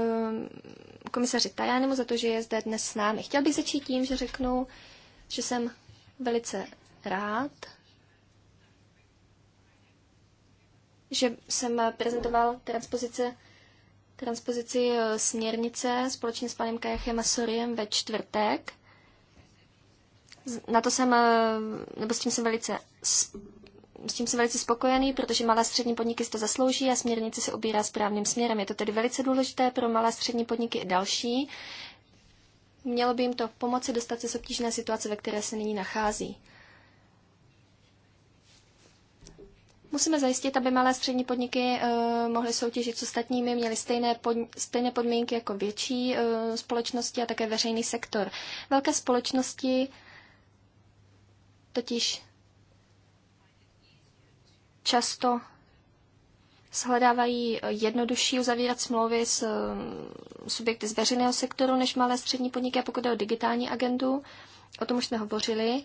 komisaři Tajánemu za to, že je zde dnes s námi. Chtěl bych začít tím, že řeknu, že jsem velice rád, že jsem prezentoval transpozice, transpozici eh, směrnice společně s panem Kajachem a Soriem ve čtvrtek. Na to jsem, eh, nebo s tím jsem velice s tím jsem velice spokojený, protože malé a střední podniky si to zaslouží a směrnice se ubírá správným směrem. Je to tedy velice důležité pro malé a střední podniky i další. Mělo by jim to pomoci dostat se z obtížné situace, ve které se nyní nachází. Musíme zajistit, aby malé a střední podniky uh, mohly soutěžit s ostatními, měly stejné, pod, stejné podmínky jako větší uh, společnosti a také veřejný sektor. Velké společnosti totiž často shledávají jednodušší uzavírat smlouvy s eh, subjekty z veřejného sektoru než malé střední podniky. A pokud jde o digitální agendu, o tom už jsme hovořili,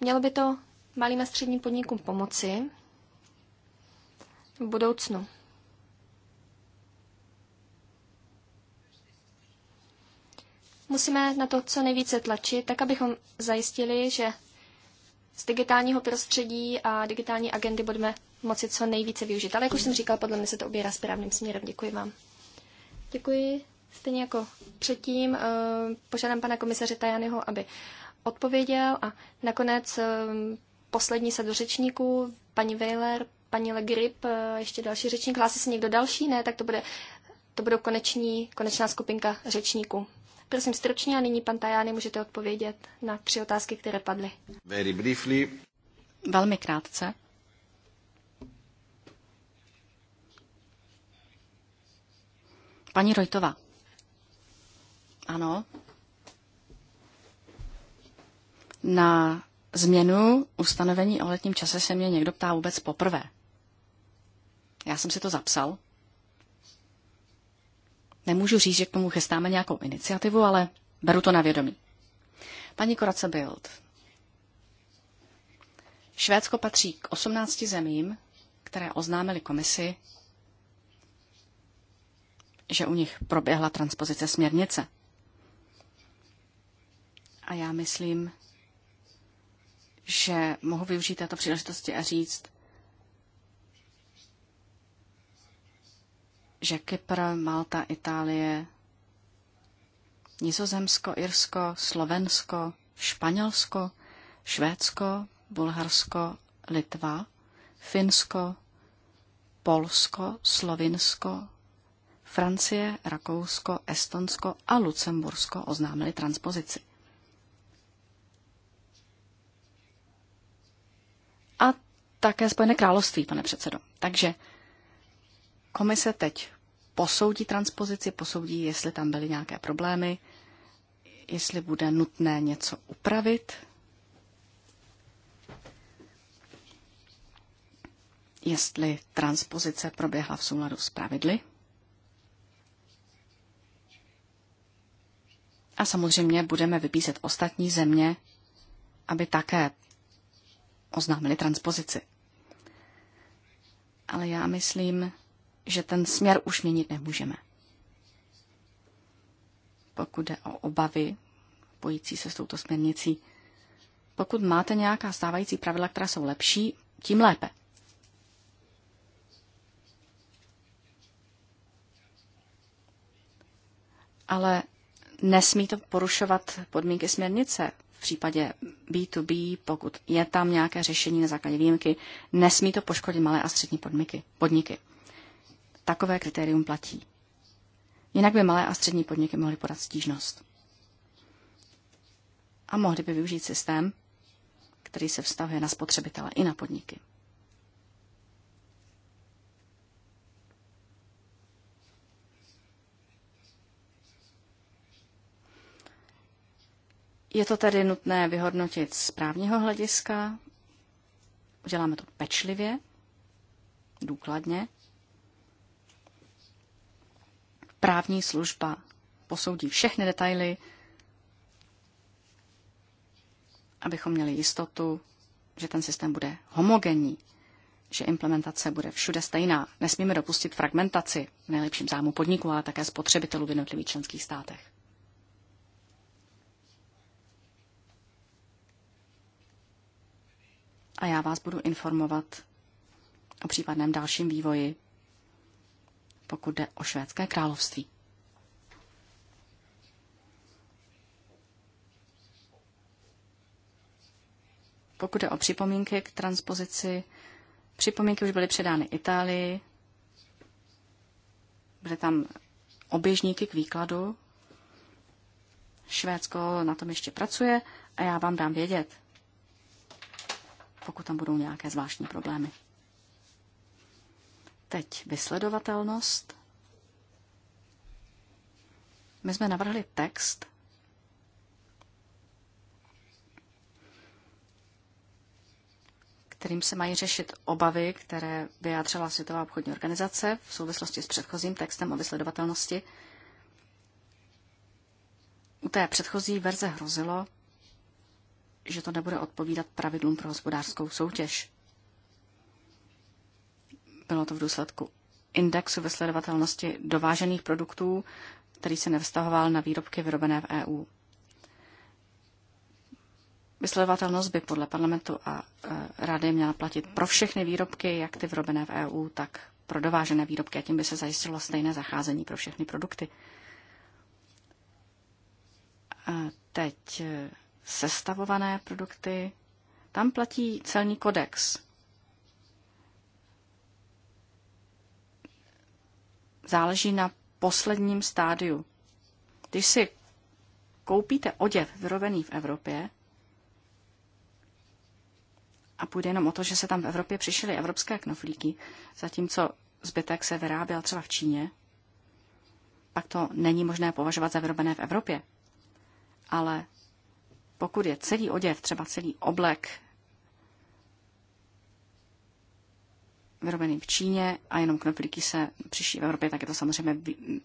mělo by to malým a středním podnikům pomoci v budoucnu. Musíme na to co nejvíce tlačit, tak abychom zajistili, že z digitálního prostředí a digitální agendy budeme moci co nejvíce využít. Ale jak už jsem říkal, podle mě se to oběrá správným směrem. Děkuji vám. Děkuji. Stejně jako předtím eh, požádám pana komisaře Tajanyho, aby odpověděl a nakonec eh, poslední se do řečníků, paní Weiler, paní Legrip, eh, ještě další řečník. Hlásí se někdo další? Ne, tak to bude to budou koneční, konečná skupinka řečníků. Prosím stručně a nyní, pan Tajány, můžete odpovědět na tři otázky, které padly. Very briefly. Velmi krátce. Paní Rojtová. Ano. Na změnu ustanovení o letním čase se mě někdo ptá vůbec poprvé. Já jsem si to zapsal, Nemůžu říct, že k tomu chystáme nějakou iniciativu, ale beru to na vědomí. Paní Korace Bild. Švédsko patří k 18 zemím, které oznámili komisi, že u nich proběhla transpozice směrnice. A já myslím, že mohu využít této příležitosti a říct, že Kypr, Malta, Itálie, Nizozemsko, Irsko, Slovensko, Španělsko, Švédsko, Bulharsko, Litva, Finsko, Polsko, Slovinsko, Francie, Rakousko, Estonsko a Lucembursko oznámili transpozici. A také Spojené království, pane předsedo. Takže Komise teď posoudí transpozici, posoudí, jestli tam byly nějaké problémy, jestli bude nutné něco upravit. Jestli transpozice proběhla v souladu s pravidly. A samozřejmě budeme vybízet ostatní země, aby také oznámili transpozici. Ale já myslím, že ten směr už měnit nemůžeme. Pokud jde o obavy pojící se s touto směrnicí, pokud máte nějaká stávající pravidla, která jsou lepší, tím lépe. Ale nesmí to porušovat podmínky směrnice. V případě B2B, pokud je tam nějaké řešení na základě výjimky, nesmí to poškodit malé a střední podmíky, podniky takové kritérium platí. Jinak by malé a střední podniky mohly podat stížnost. A mohly by využít systém, který se vztahuje na spotřebitele i na podniky. Je to tedy nutné vyhodnotit z právního hlediska. Uděláme to pečlivě, důkladně právní služba posoudí všechny detaily, abychom měli jistotu, že ten systém bude homogenní, že implementace bude všude stejná. Nesmíme dopustit fragmentaci v nejlepším zájmu podniku, ale také spotřebitelů v jednotlivých členských státech. A já vás budu informovat o případném dalším vývoji pokud jde o švédské království. Pokud jde o připomínky k transpozici, připomínky už byly předány Itálii, byly tam oběžníky k výkladu, Švédsko na tom ještě pracuje a já vám dám vědět, pokud tam budou nějaké zvláštní problémy. Teď vysledovatelnost. My jsme navrhli text, kterým se mají řešit obavy, které vyjádřila Světová obchodní organizace v souvislosti s předchozím textem o vysledovatelnosti. U té předchozí verze hrozilo, že to nebude odpovídat pravidlům pro hospodářskou soutěž. Bylo to v důsledku indexu sledovatelnosti dovážených produktů, který se nevztahoval na výrobky vyrobené v EU. Vysledovatelnost by podle parlamentu a e, rady měla platit pro všechny výrobky, jak ty vyrobené v EU, tak pro dovážené výrobky a tím by se zajistilo stejné zacházení pro všechny produkty. A teď e, sestavované produkty. Tam platí celní kodex. záleží na posledním stádiu. Když si koupíte oděv vyrobený v Evropě a půjde jenom o to, že se tam v Evropě přišly evropské knoflíky, zatímco zbytek se vyráběl třeba v Číně, pak to není možné považovat za vyrobené v Evropě. Ale pokud je celý oděv, třeba celý oblek vyrobený v Číně a jenom knoflíky se přiší v Evropě, tak je to samozřejmě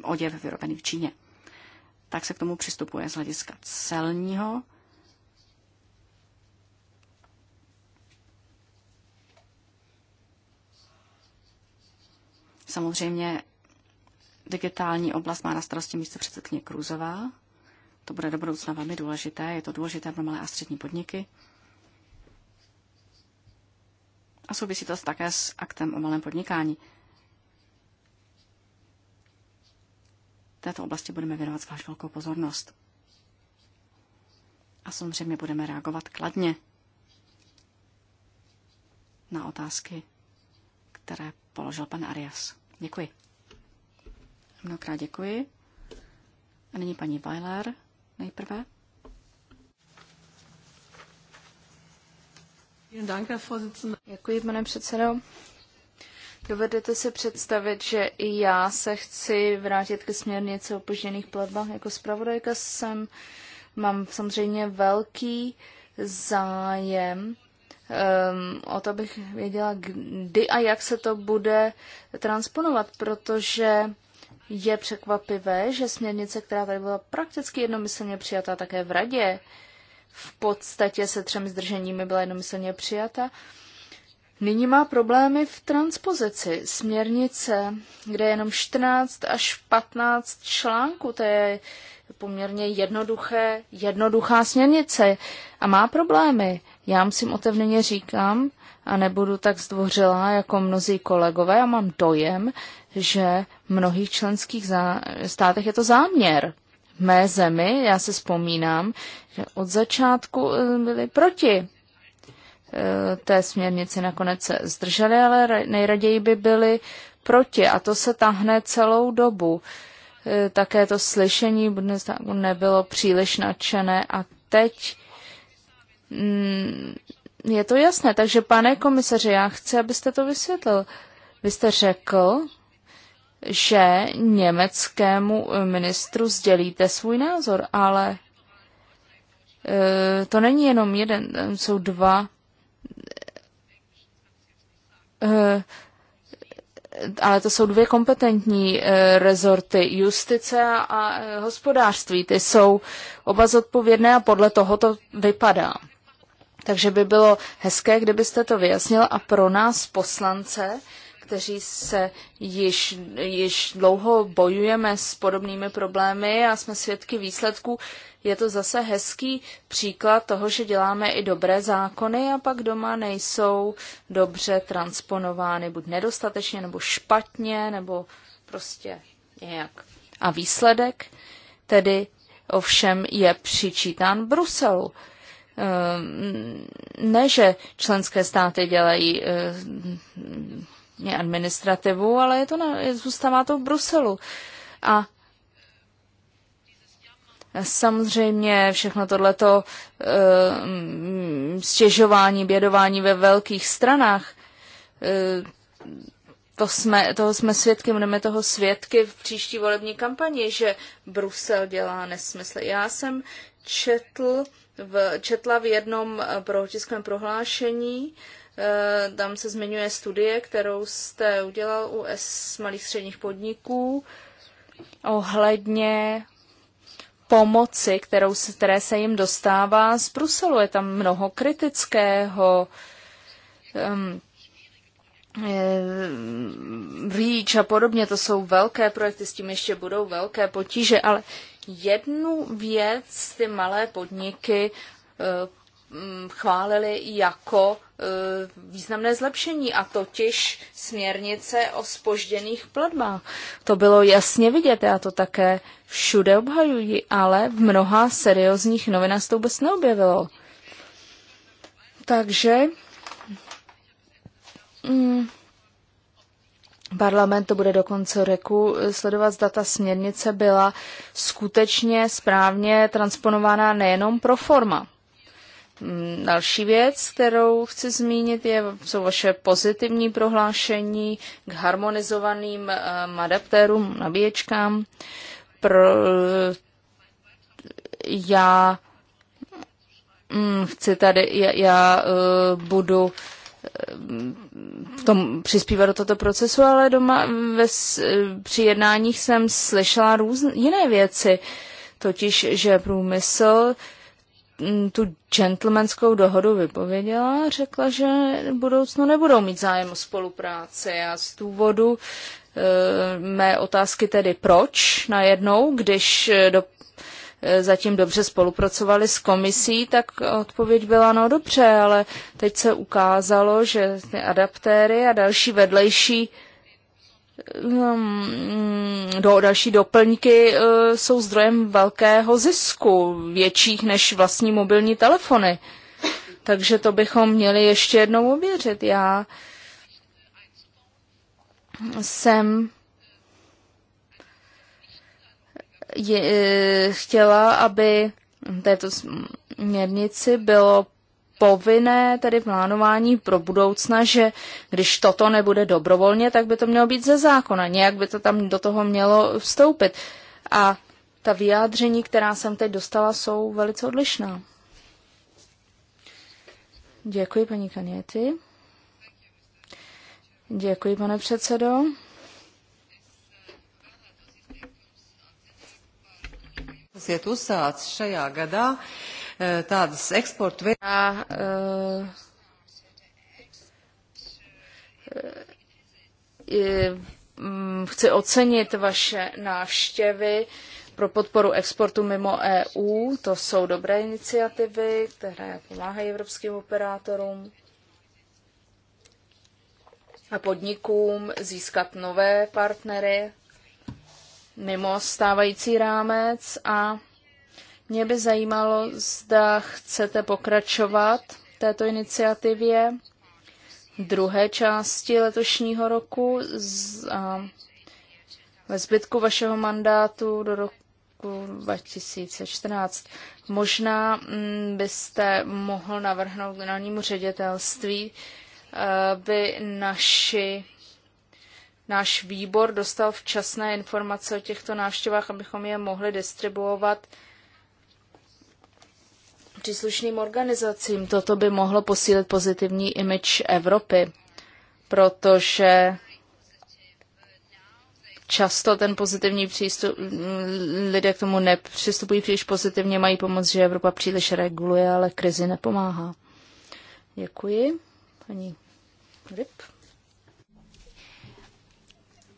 oděv vyrobený v Číně. Tak se k tomu přistupuje z hlediska celního. Samozřejmě digitální oblast má na starosti místo předsedkyně Kruzová. To bude do budoucna velmi důležité. Je to důležité pro malé a střední podniky. A souvisí to také s aktem o malém podnikání. V této oblasti budeme věnovat zvlášť velkou pozornost. A samozřejmě budeme reagovat kladně na otázky, které položil pan Arias. Děkuji. Mnohokrát děkuji. A nyní paní Weiler nejprve. Děkuji, pane předsedo. Dovedete si představit, že i já se chci vrátit ke směrnici o požděných platbách jako zpravodajka jsem. Mám samozřejmě velký zájem um, o to, abych věděla, kdy a jak se to bude transponovat, protože je překvapivé, že směrnice, která tady byla prakticky jednomyslně přijatá také v radě, uh, v podstatě se třem zdrženími byla jednomyslně přijata. Nyní má problémy v transpozici směrnice, kde je jenom 14 až 15 článků. To je poměrně jednoduché, jednoduchá směrnice a má problémy. Já musím otevřeně říkám a nebudu tak zdvořilá jako mnozí kolegové a mám dojem, že v mnohých členských státech je to záměr mé zemi, já si vzpomínám, že od začátku eh, byli proti eh, té směrnici, nakonec se zdrželi, ale nejraději by byli proti a to se tahne celou dobu. Eh, také to slyšení Bundestagu nebylo příliš nadšené a teď mm, je to jasné. Takže, pane komisaři, já chci, abyste to vysvětlil. Vy jste řekl, že německému ministru sdělíte svůj názor, ale e, to není jenom jeden, jsou dva. E, ale to jsou dvě kompetentní e, rezorty, justice a hospodářství. Ty jsou oba zodpovědné a podle toho to vypadá. Takže by bylo hezké, kdybyste to vyjasnil a pro nás poslance, kteří se již, již dlouho bojujeme s podobnými problémy a jsme svědky výsledků. Je to zase hezký příklad toho, že děláme i dobré zákony a pak doma nejsou dobře transponovány, buď nedostatečně, nebo špatně, nebo prostě nějak. A výsledek tedy ovšem je přičítán Bruselu ehm, ne, že členské státy dělají ehm, Vlastně administrativu, ale je to na, je, zůstává to v Bruselu. A Samozřejmě všechno tohleto e, stěžování, bědování ve velkých stranách, e, to jsme, toho jsme svědky, budeme toho svědky v příští volební kampani, že Brusel dělá nesmysl. Já jsem četl v, četla v jednom eh, protiskovém prohlášení, e, Eh, tam se zmiňuje studie, kterou jste udělal u S malých středních podniků ohledně pomoci, kterou se, které se jim dostává z Bruselu. Je tam mnoho kritického. Um, ehm, Víč ehm, a podobně, to jsou velké projekty, s tím ještě budou velké potíže, ale jednu věc ty malé podniky eh, Mm, chválili jako e, významné zlepšení, a totiž směrnice o spožděných platbách. To bylo jasně vidět, já to také všude obhajuji, ale v mnoha seriózních novinách se to vůbec neobjevilo. Takže mm, Parlament to bude do konce roku e, sledovat, zda ta směrnice byla skutečně správně transponována nejenom pro forma. Mm, další věc, kterou chci zmínit, je, jsou vaše pozitivní prohlášení k harmonizovaným um, adaptérům, nabíječkám. Pro, já um, chci tady, já, já uh, budu v eh, tom přispívat do tohoto procesu, ale doma ve, při jednáních jsem slyšela různé jiné věci, totiž, že průmysl uh, Mm, tu gentlemanskou dohodu vypověděla, řekla, že v budoucnu nebudou mít zájem o spolupráci a z důvodu e, mé otázky tedy proč najednou, když eh, do, e, zatím dobře spolupracovali s komisí, tak odpověď byla no dobře, ale teď se ukázalo, že ty adaptéry a další vedlejší e, Ehm, mm, do, další doplňky eh, jsou zdrojem velkého zisku, větších než vlastní mobilní telefony. Takže to bychom měli ještě jednou ověřit. Já jsem je, eh, chtěla, aby této směrnici bylo povinné tedy plánování pro budoucna, že když toto nebude dobrovolně, tak by to mělo být ze zákona, nějak by to tam do toho mělo vstoupit. A ta vyjádření, která jsem teď dostala, jsou velice odlišná. Děkuji, paní Kaněty. Děkuji, pane předsedo. tu uzsācis šajā gadā, Eh, tādas eksporta vērtības. Eh, eh, mm, chci ocenit vaše návštěvy pro podporu exportu mimo EU. To jsou dobré iniciativy, které pomáhají evropským operátorům a podnikům získat nové partnery mimo stávající rámec a mě by zajímalo, zda chcete pokračovat této iniciativě druhé části letošního roku z, a, ve zbytku vašeho mandátu do roku 2014. Možná mm, byste mohl navrhnout generálnímu ředitelství, eh, aby naši náš výbor dostal včasné informace o těchto návštěvách, abychom je mohli distribuovat příslušným organizacím. Toto by mohlo posílit pozitivní image Evropy, protože často ten pozitivní přístup, lidé k tomu nepřistupují příliš pozitivně, mají pomoc, že Evropa příliš reguluje, ale krizi nepomáhá. Děkuji. Paní Ryb.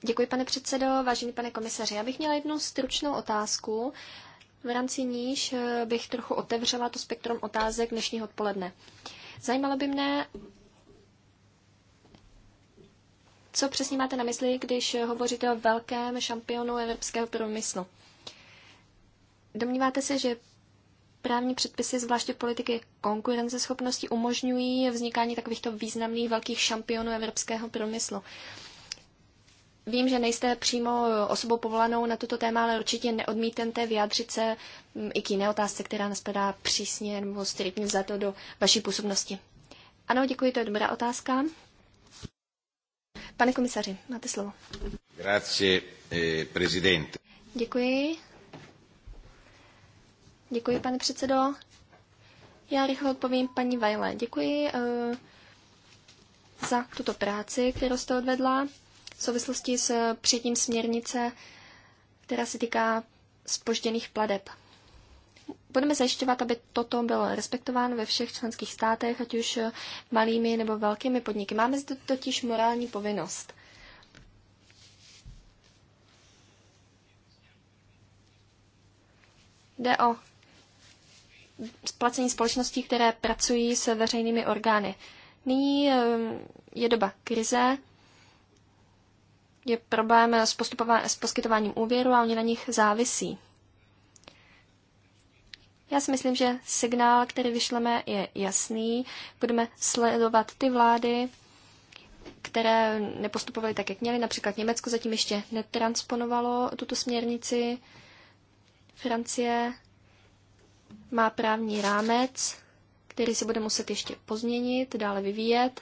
Děkuji, pane předsedo. Vážený pane komisaři, já bych měla jednu stručnou otázku v rámci níž eh, bych trochu otevřela to spektrum otázek dnešního odpoledne. Zajímalo by mne, co přesně máte na mysli, když eh, hovoříte o velkém šampionu evropského průmyslu? Domníváte se, že právní předpisy, zvláště politiky konkurenceschopnosti, umožňují vznikání takovýchto významných velkých šampionů evropského průmyslu. Vím, že nejste přímo osobou povolanou na tuto téma, ale určitě neodmítnete vyjádřit se mm, i k jiné otázce, která nespadá přísně nebo striktně za to do vaší působnosti. Ano, děkuji, to je dobrá otázka. Pane komisaři, máte slovo. Grazie, eh, Děkuji. Děkuji, pane předsedo. Já rychle odpovím paní Vajle. Děkuji uh, za tuto práci, kterou jste odvedla v souvislosti s přijetím směrnice, která se týká spožděných pladeb. Budeme zajišťovat, aby toto bylo respektováno ve všech členských státech, ať už malými nebo velkými podniky. Máme zde totiž morální povinnost. Jde o splacení společností, které pracují se veřejnými orgány. Nyní eh, je doba krize, je problém s, s poskytováním úvěru a oni na nich závisí. Já si myslím, že signál, který vyšleme, je jasný. Budeme sledovat ty vlády, které nepostupovaly tak, jak měly. Například Německo zatím ještě netransponovalo tuto směrnici. Francie má právní rámec, který si bude muset ještě pozměnit, dále vyvíjet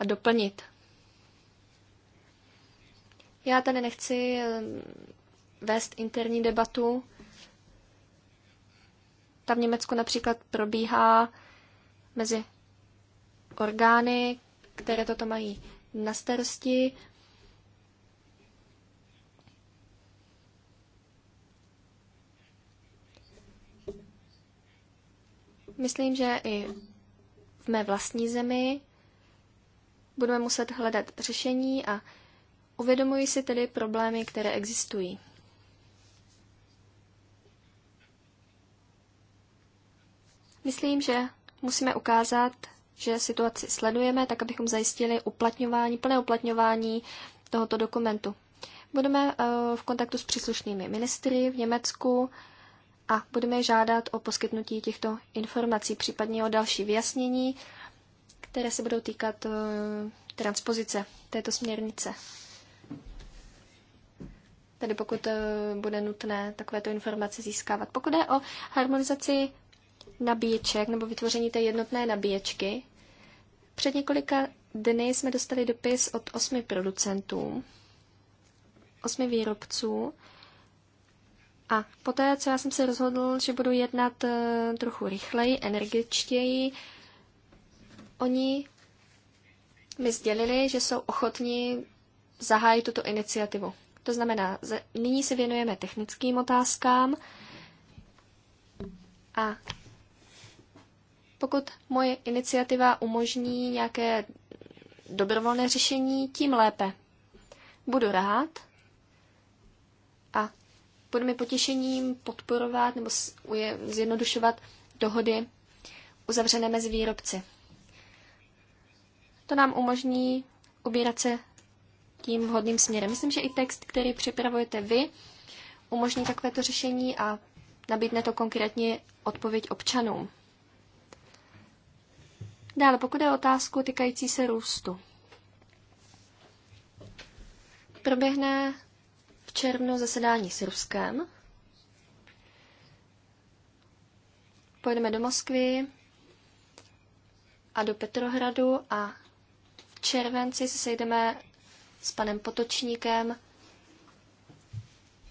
a doplnit. Já tady nechci eh, vést interní debatu. Tam v Německu například probíhá mezi orgány, které toto mají na starosti. Myslím, že i v mé vlastní zemi budeme muset hledat řešení a Uvědomuji si tedy problémy, které existují. Myslím, že musíme ukázat, že situaci sledujeme, tak abychom zajistili uplatňování, plné uplatňování tohoto dokumentu. Budeme eh, v kontaktu s příslušnými ministry v Německu a budeme žádat o poskytnutí těchto informací, případně o další vyjasnění, které se budou týkat eh, transpozice této směrnice tedy pokud eh, bude nutné takovéto informace získávat. Pokud je o harmonizaci nabíječek nebo vytvoření té jednotné nabíječky, před několika dny jsme dostali dopis od osmi producentů, osmi výrobců, a poté, co já jsem se rozhodl, že budu jednat eh, trochu rychleji, energičtěji, oni mi sdělili, že jsou ochotní zahájit tuto iniciativu. To znamená, nyní se věnujeme technickým otázkám a pokud moje iniciativa umožní nějaké dobrovolné řešení, tím lépe. Budu rád a budu mi potěšením podporovat nebo zjednodušovat dohody uzavřené mezi výrobci. To nám umožní ubírat se tím vhodným směrem. Myslím, že i text, který připravujete vy, umožní takovéto řešení a nabídne to konkrétně odpověď občanům. Dále, pokud je otázku týkající se růstu. Proběhne v červnu zasedání s Ruskem. Pojedeme do Moskvy a do Petrohradu a v červenci se sejdeme s panem Potočníkem,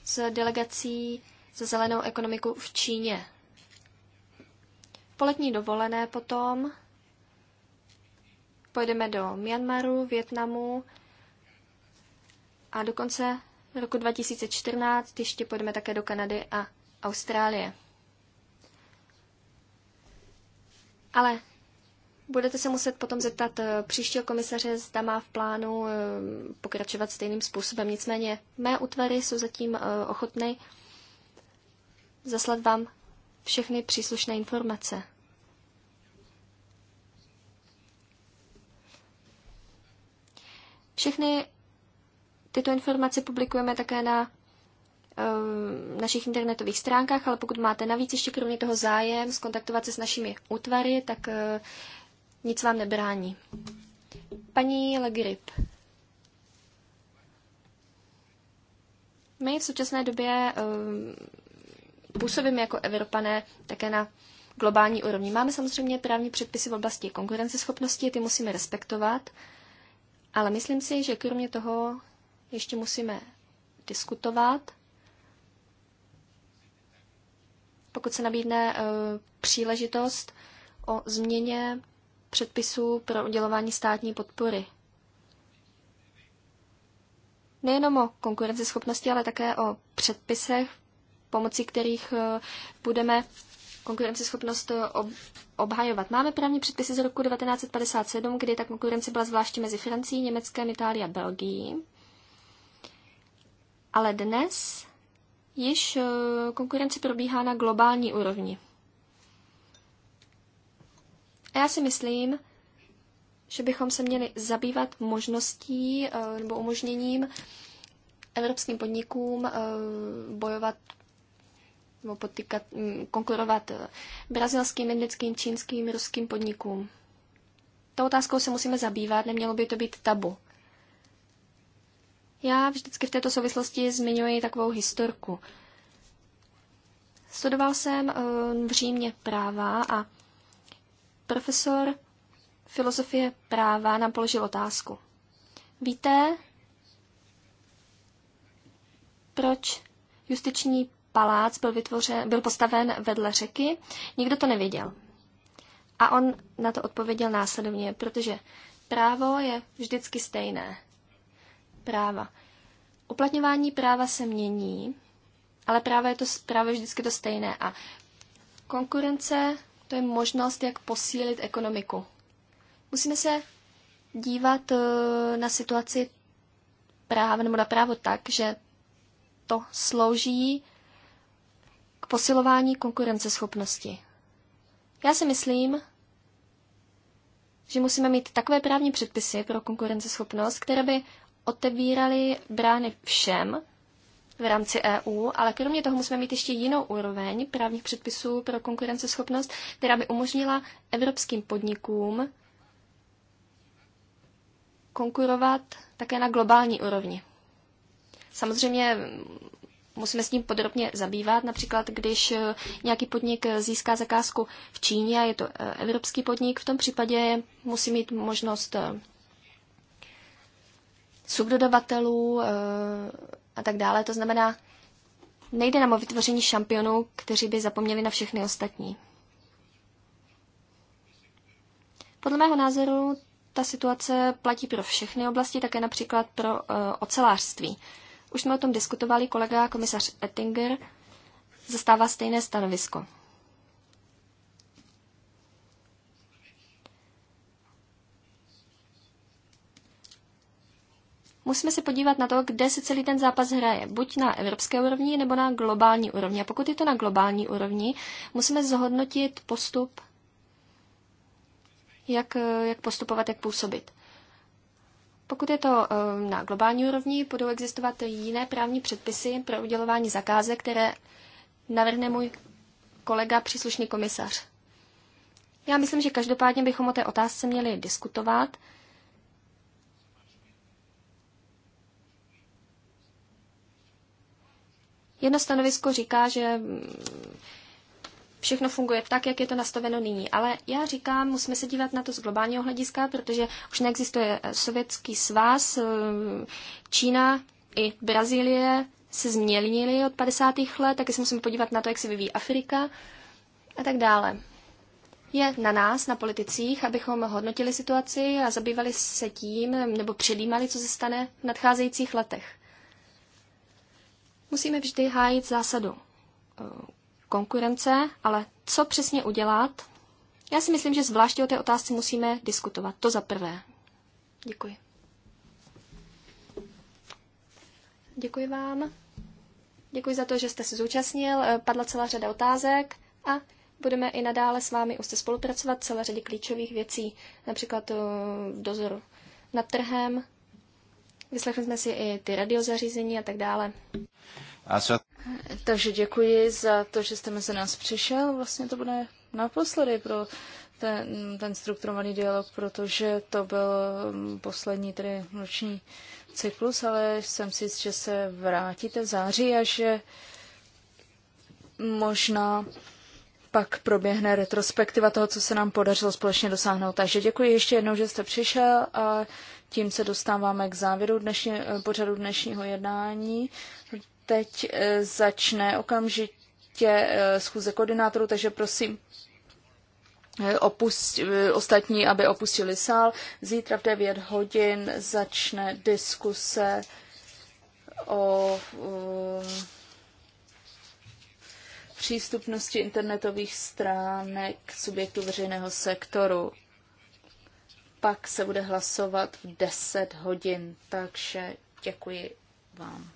s delegací za zelenou ekonomiku v Číně. Poletní dovolené potom pojedeme do Myanmaru, Větnamu a do konce roku 2014 ještě pojedeme také do Kanady a Austrálie. Ale Budete se muset potom zeptat eh, příštího komisaře, zda má v plánu eh, pokračovat stejným způsobem. Nicméně mé útvary jsou zatím eh, ochotny zaslat vám všechny příslušné informace. Všechny tyto informace publikujeme také na našich internetových stránkách, ale pokud máte navíc ještě kromě toho zájem skontaktovat se s našimi útvary, tak nic vám nebrání. Paní Legrip. My v současné době um, působíme jako Evropané také na globální úrovni. Máme samozřejmě právní předpisy v oblasti konkurenceschopnosti, ty musíme respektovat, ale myslím si, že kromě toho ještě musíme diskutovat. Pokud se nabídne uh, příležitost o změně předpisů pro udělování státní podpory. Nejenom o konkurenceschopnosti, ale také o předpisech, pomocí kterých eh, budeme konkurenceschopnost eh, obhajovat. Máme právní předpisy z roku 1957, kdy ta konkurence byla zvláště mezi Francií, Německem, Itálií a Belgií. Ale dnes již eh, konkurence probíhá na globální úrovni. A já si myslím, že bychom se měli zabývat možností eh, nebo umožněním evropským podnikům eh, bojovat nebo potýkat, mm, konkurovat eh, brazilským, indickým, čínským, ruským podnikům. Tou otázkou se musíme zabývat, nemělo by to být tabu. Já vždycky v této souvislosti zmiňuji takovou historku. Studoval jsem v Římě práva a Profesor filozofie práva nám položil otázku. Víte, proč justiční palác byl, vytvořen, byl postaven vedle řeky? Nikdo to nevěděl. A on na to odpověděl následovně, protože právo je vždycky stejné. Práva. Uplatňování práva se mění, ale právo je to, právo je vždycky to stejné. A konkurence to je možnost, jak posílit ekonomiku. Musíme se dívat eh, na situaci práva nebo na právo tak, že to slouží k posilování konkurenceschopnosti. Já si myslím, že musíme mít takové právní předpisy pro konkurenceschopnost, které by otevíraly brány všem, v rámci EU, ale kromě toho musíme mít ještě jinou úroveň právních předpisů pro konkurenceschopnost, která by umožnila evropským podnikům konkurovat také na globální úrovni. Samozřejmě mm, musíme s ním podrobně zabývat. Například, když eh, nějaký podnik eh, získá zakázku v Číně a je to eh, evropský podnik, v tom případě musí mít možnost subdodavatelů, a tak dále. To znamená, nejde nám o vytvoření šampionů, kteří by zapomněli na všechny ostatní. Podle mého názoru ta situace platí pro všechny oblasti, také například pro uh, ocelářství. Už jsme o tom diskutovali, kolega komisař Ettinger zastává stejné stanovisko. musíme se podívat na to, kde se celý ten zápas hraje, buď na evropské úrovni nebo na globální úrovni. A pokud je to na globální úrovni, musíme zhodnotit postup, jak, jak postupovat, jak působit. Pokud je to eh, na globální úrovni, budou existovat jiné právní předpisy pro udělování zakázek, které navrhne můj kolega, příslušný komisař. Já myslím, že každopádně bychom o té otázce měli diskutovat Jedno stanovisko říká, že všechno funguje tak, jak je to nastaveno nyní. Ale já říkám, musíme se dívat na to z globálního hlediska, protože už neexistuje sovětský svaz, Čína i Brazílie se změnily od 50. let, taky se musíme podívat na to, jak se vyvíjí Afrika a tak dále. Je na nás, na politicích, abychom hodnotili situaci a zabývali se tím, nebo předjímali, co se stane v nadcházejících letech. Musíme vždy hájit zásadu eh, konkurence, ale co přesně udělat? Já si myslím, že zvláště o té otázce musíme diskutovat. To za prvé. Děkuji. Děkuji vám. Děkuji za to, že jste se zúčastnil. Eh, padla celá řada otázek a budeme i nadále s vámi už spolupracovat celé řadě klíčových věcí, například eh, dozoru nad trhem, Vyslechli jsme si i ty radiozařízení a tak dále. A co? Takže děkuji za to, že jste mezi nás přišel. Vlastně to bude naposledy pro ten, ten strukturovaný dialog, protože to byl mm, poslední tedy noční cyklus, ale jsem si jist, že se vrátíte v září a že možná pak proběhne retrospektiva toho, co se nám podařilo společně dosáhnout. Takže děkuji ještě jednou, že jste přišel a tím se dostáváme k závěru dnešní, eh, pořadu dnešního jednání. Teď eh, začne okamžitě eh, schůze koordinátorů, takže prosím opust, ostatní, aby opustili sál. Zítra v 9 hodin začne diskuse o přístupnosti internetových stránek subjektů veřejného sektoru pak se bude hlasovat v 10 hodin, takže děkuji vám.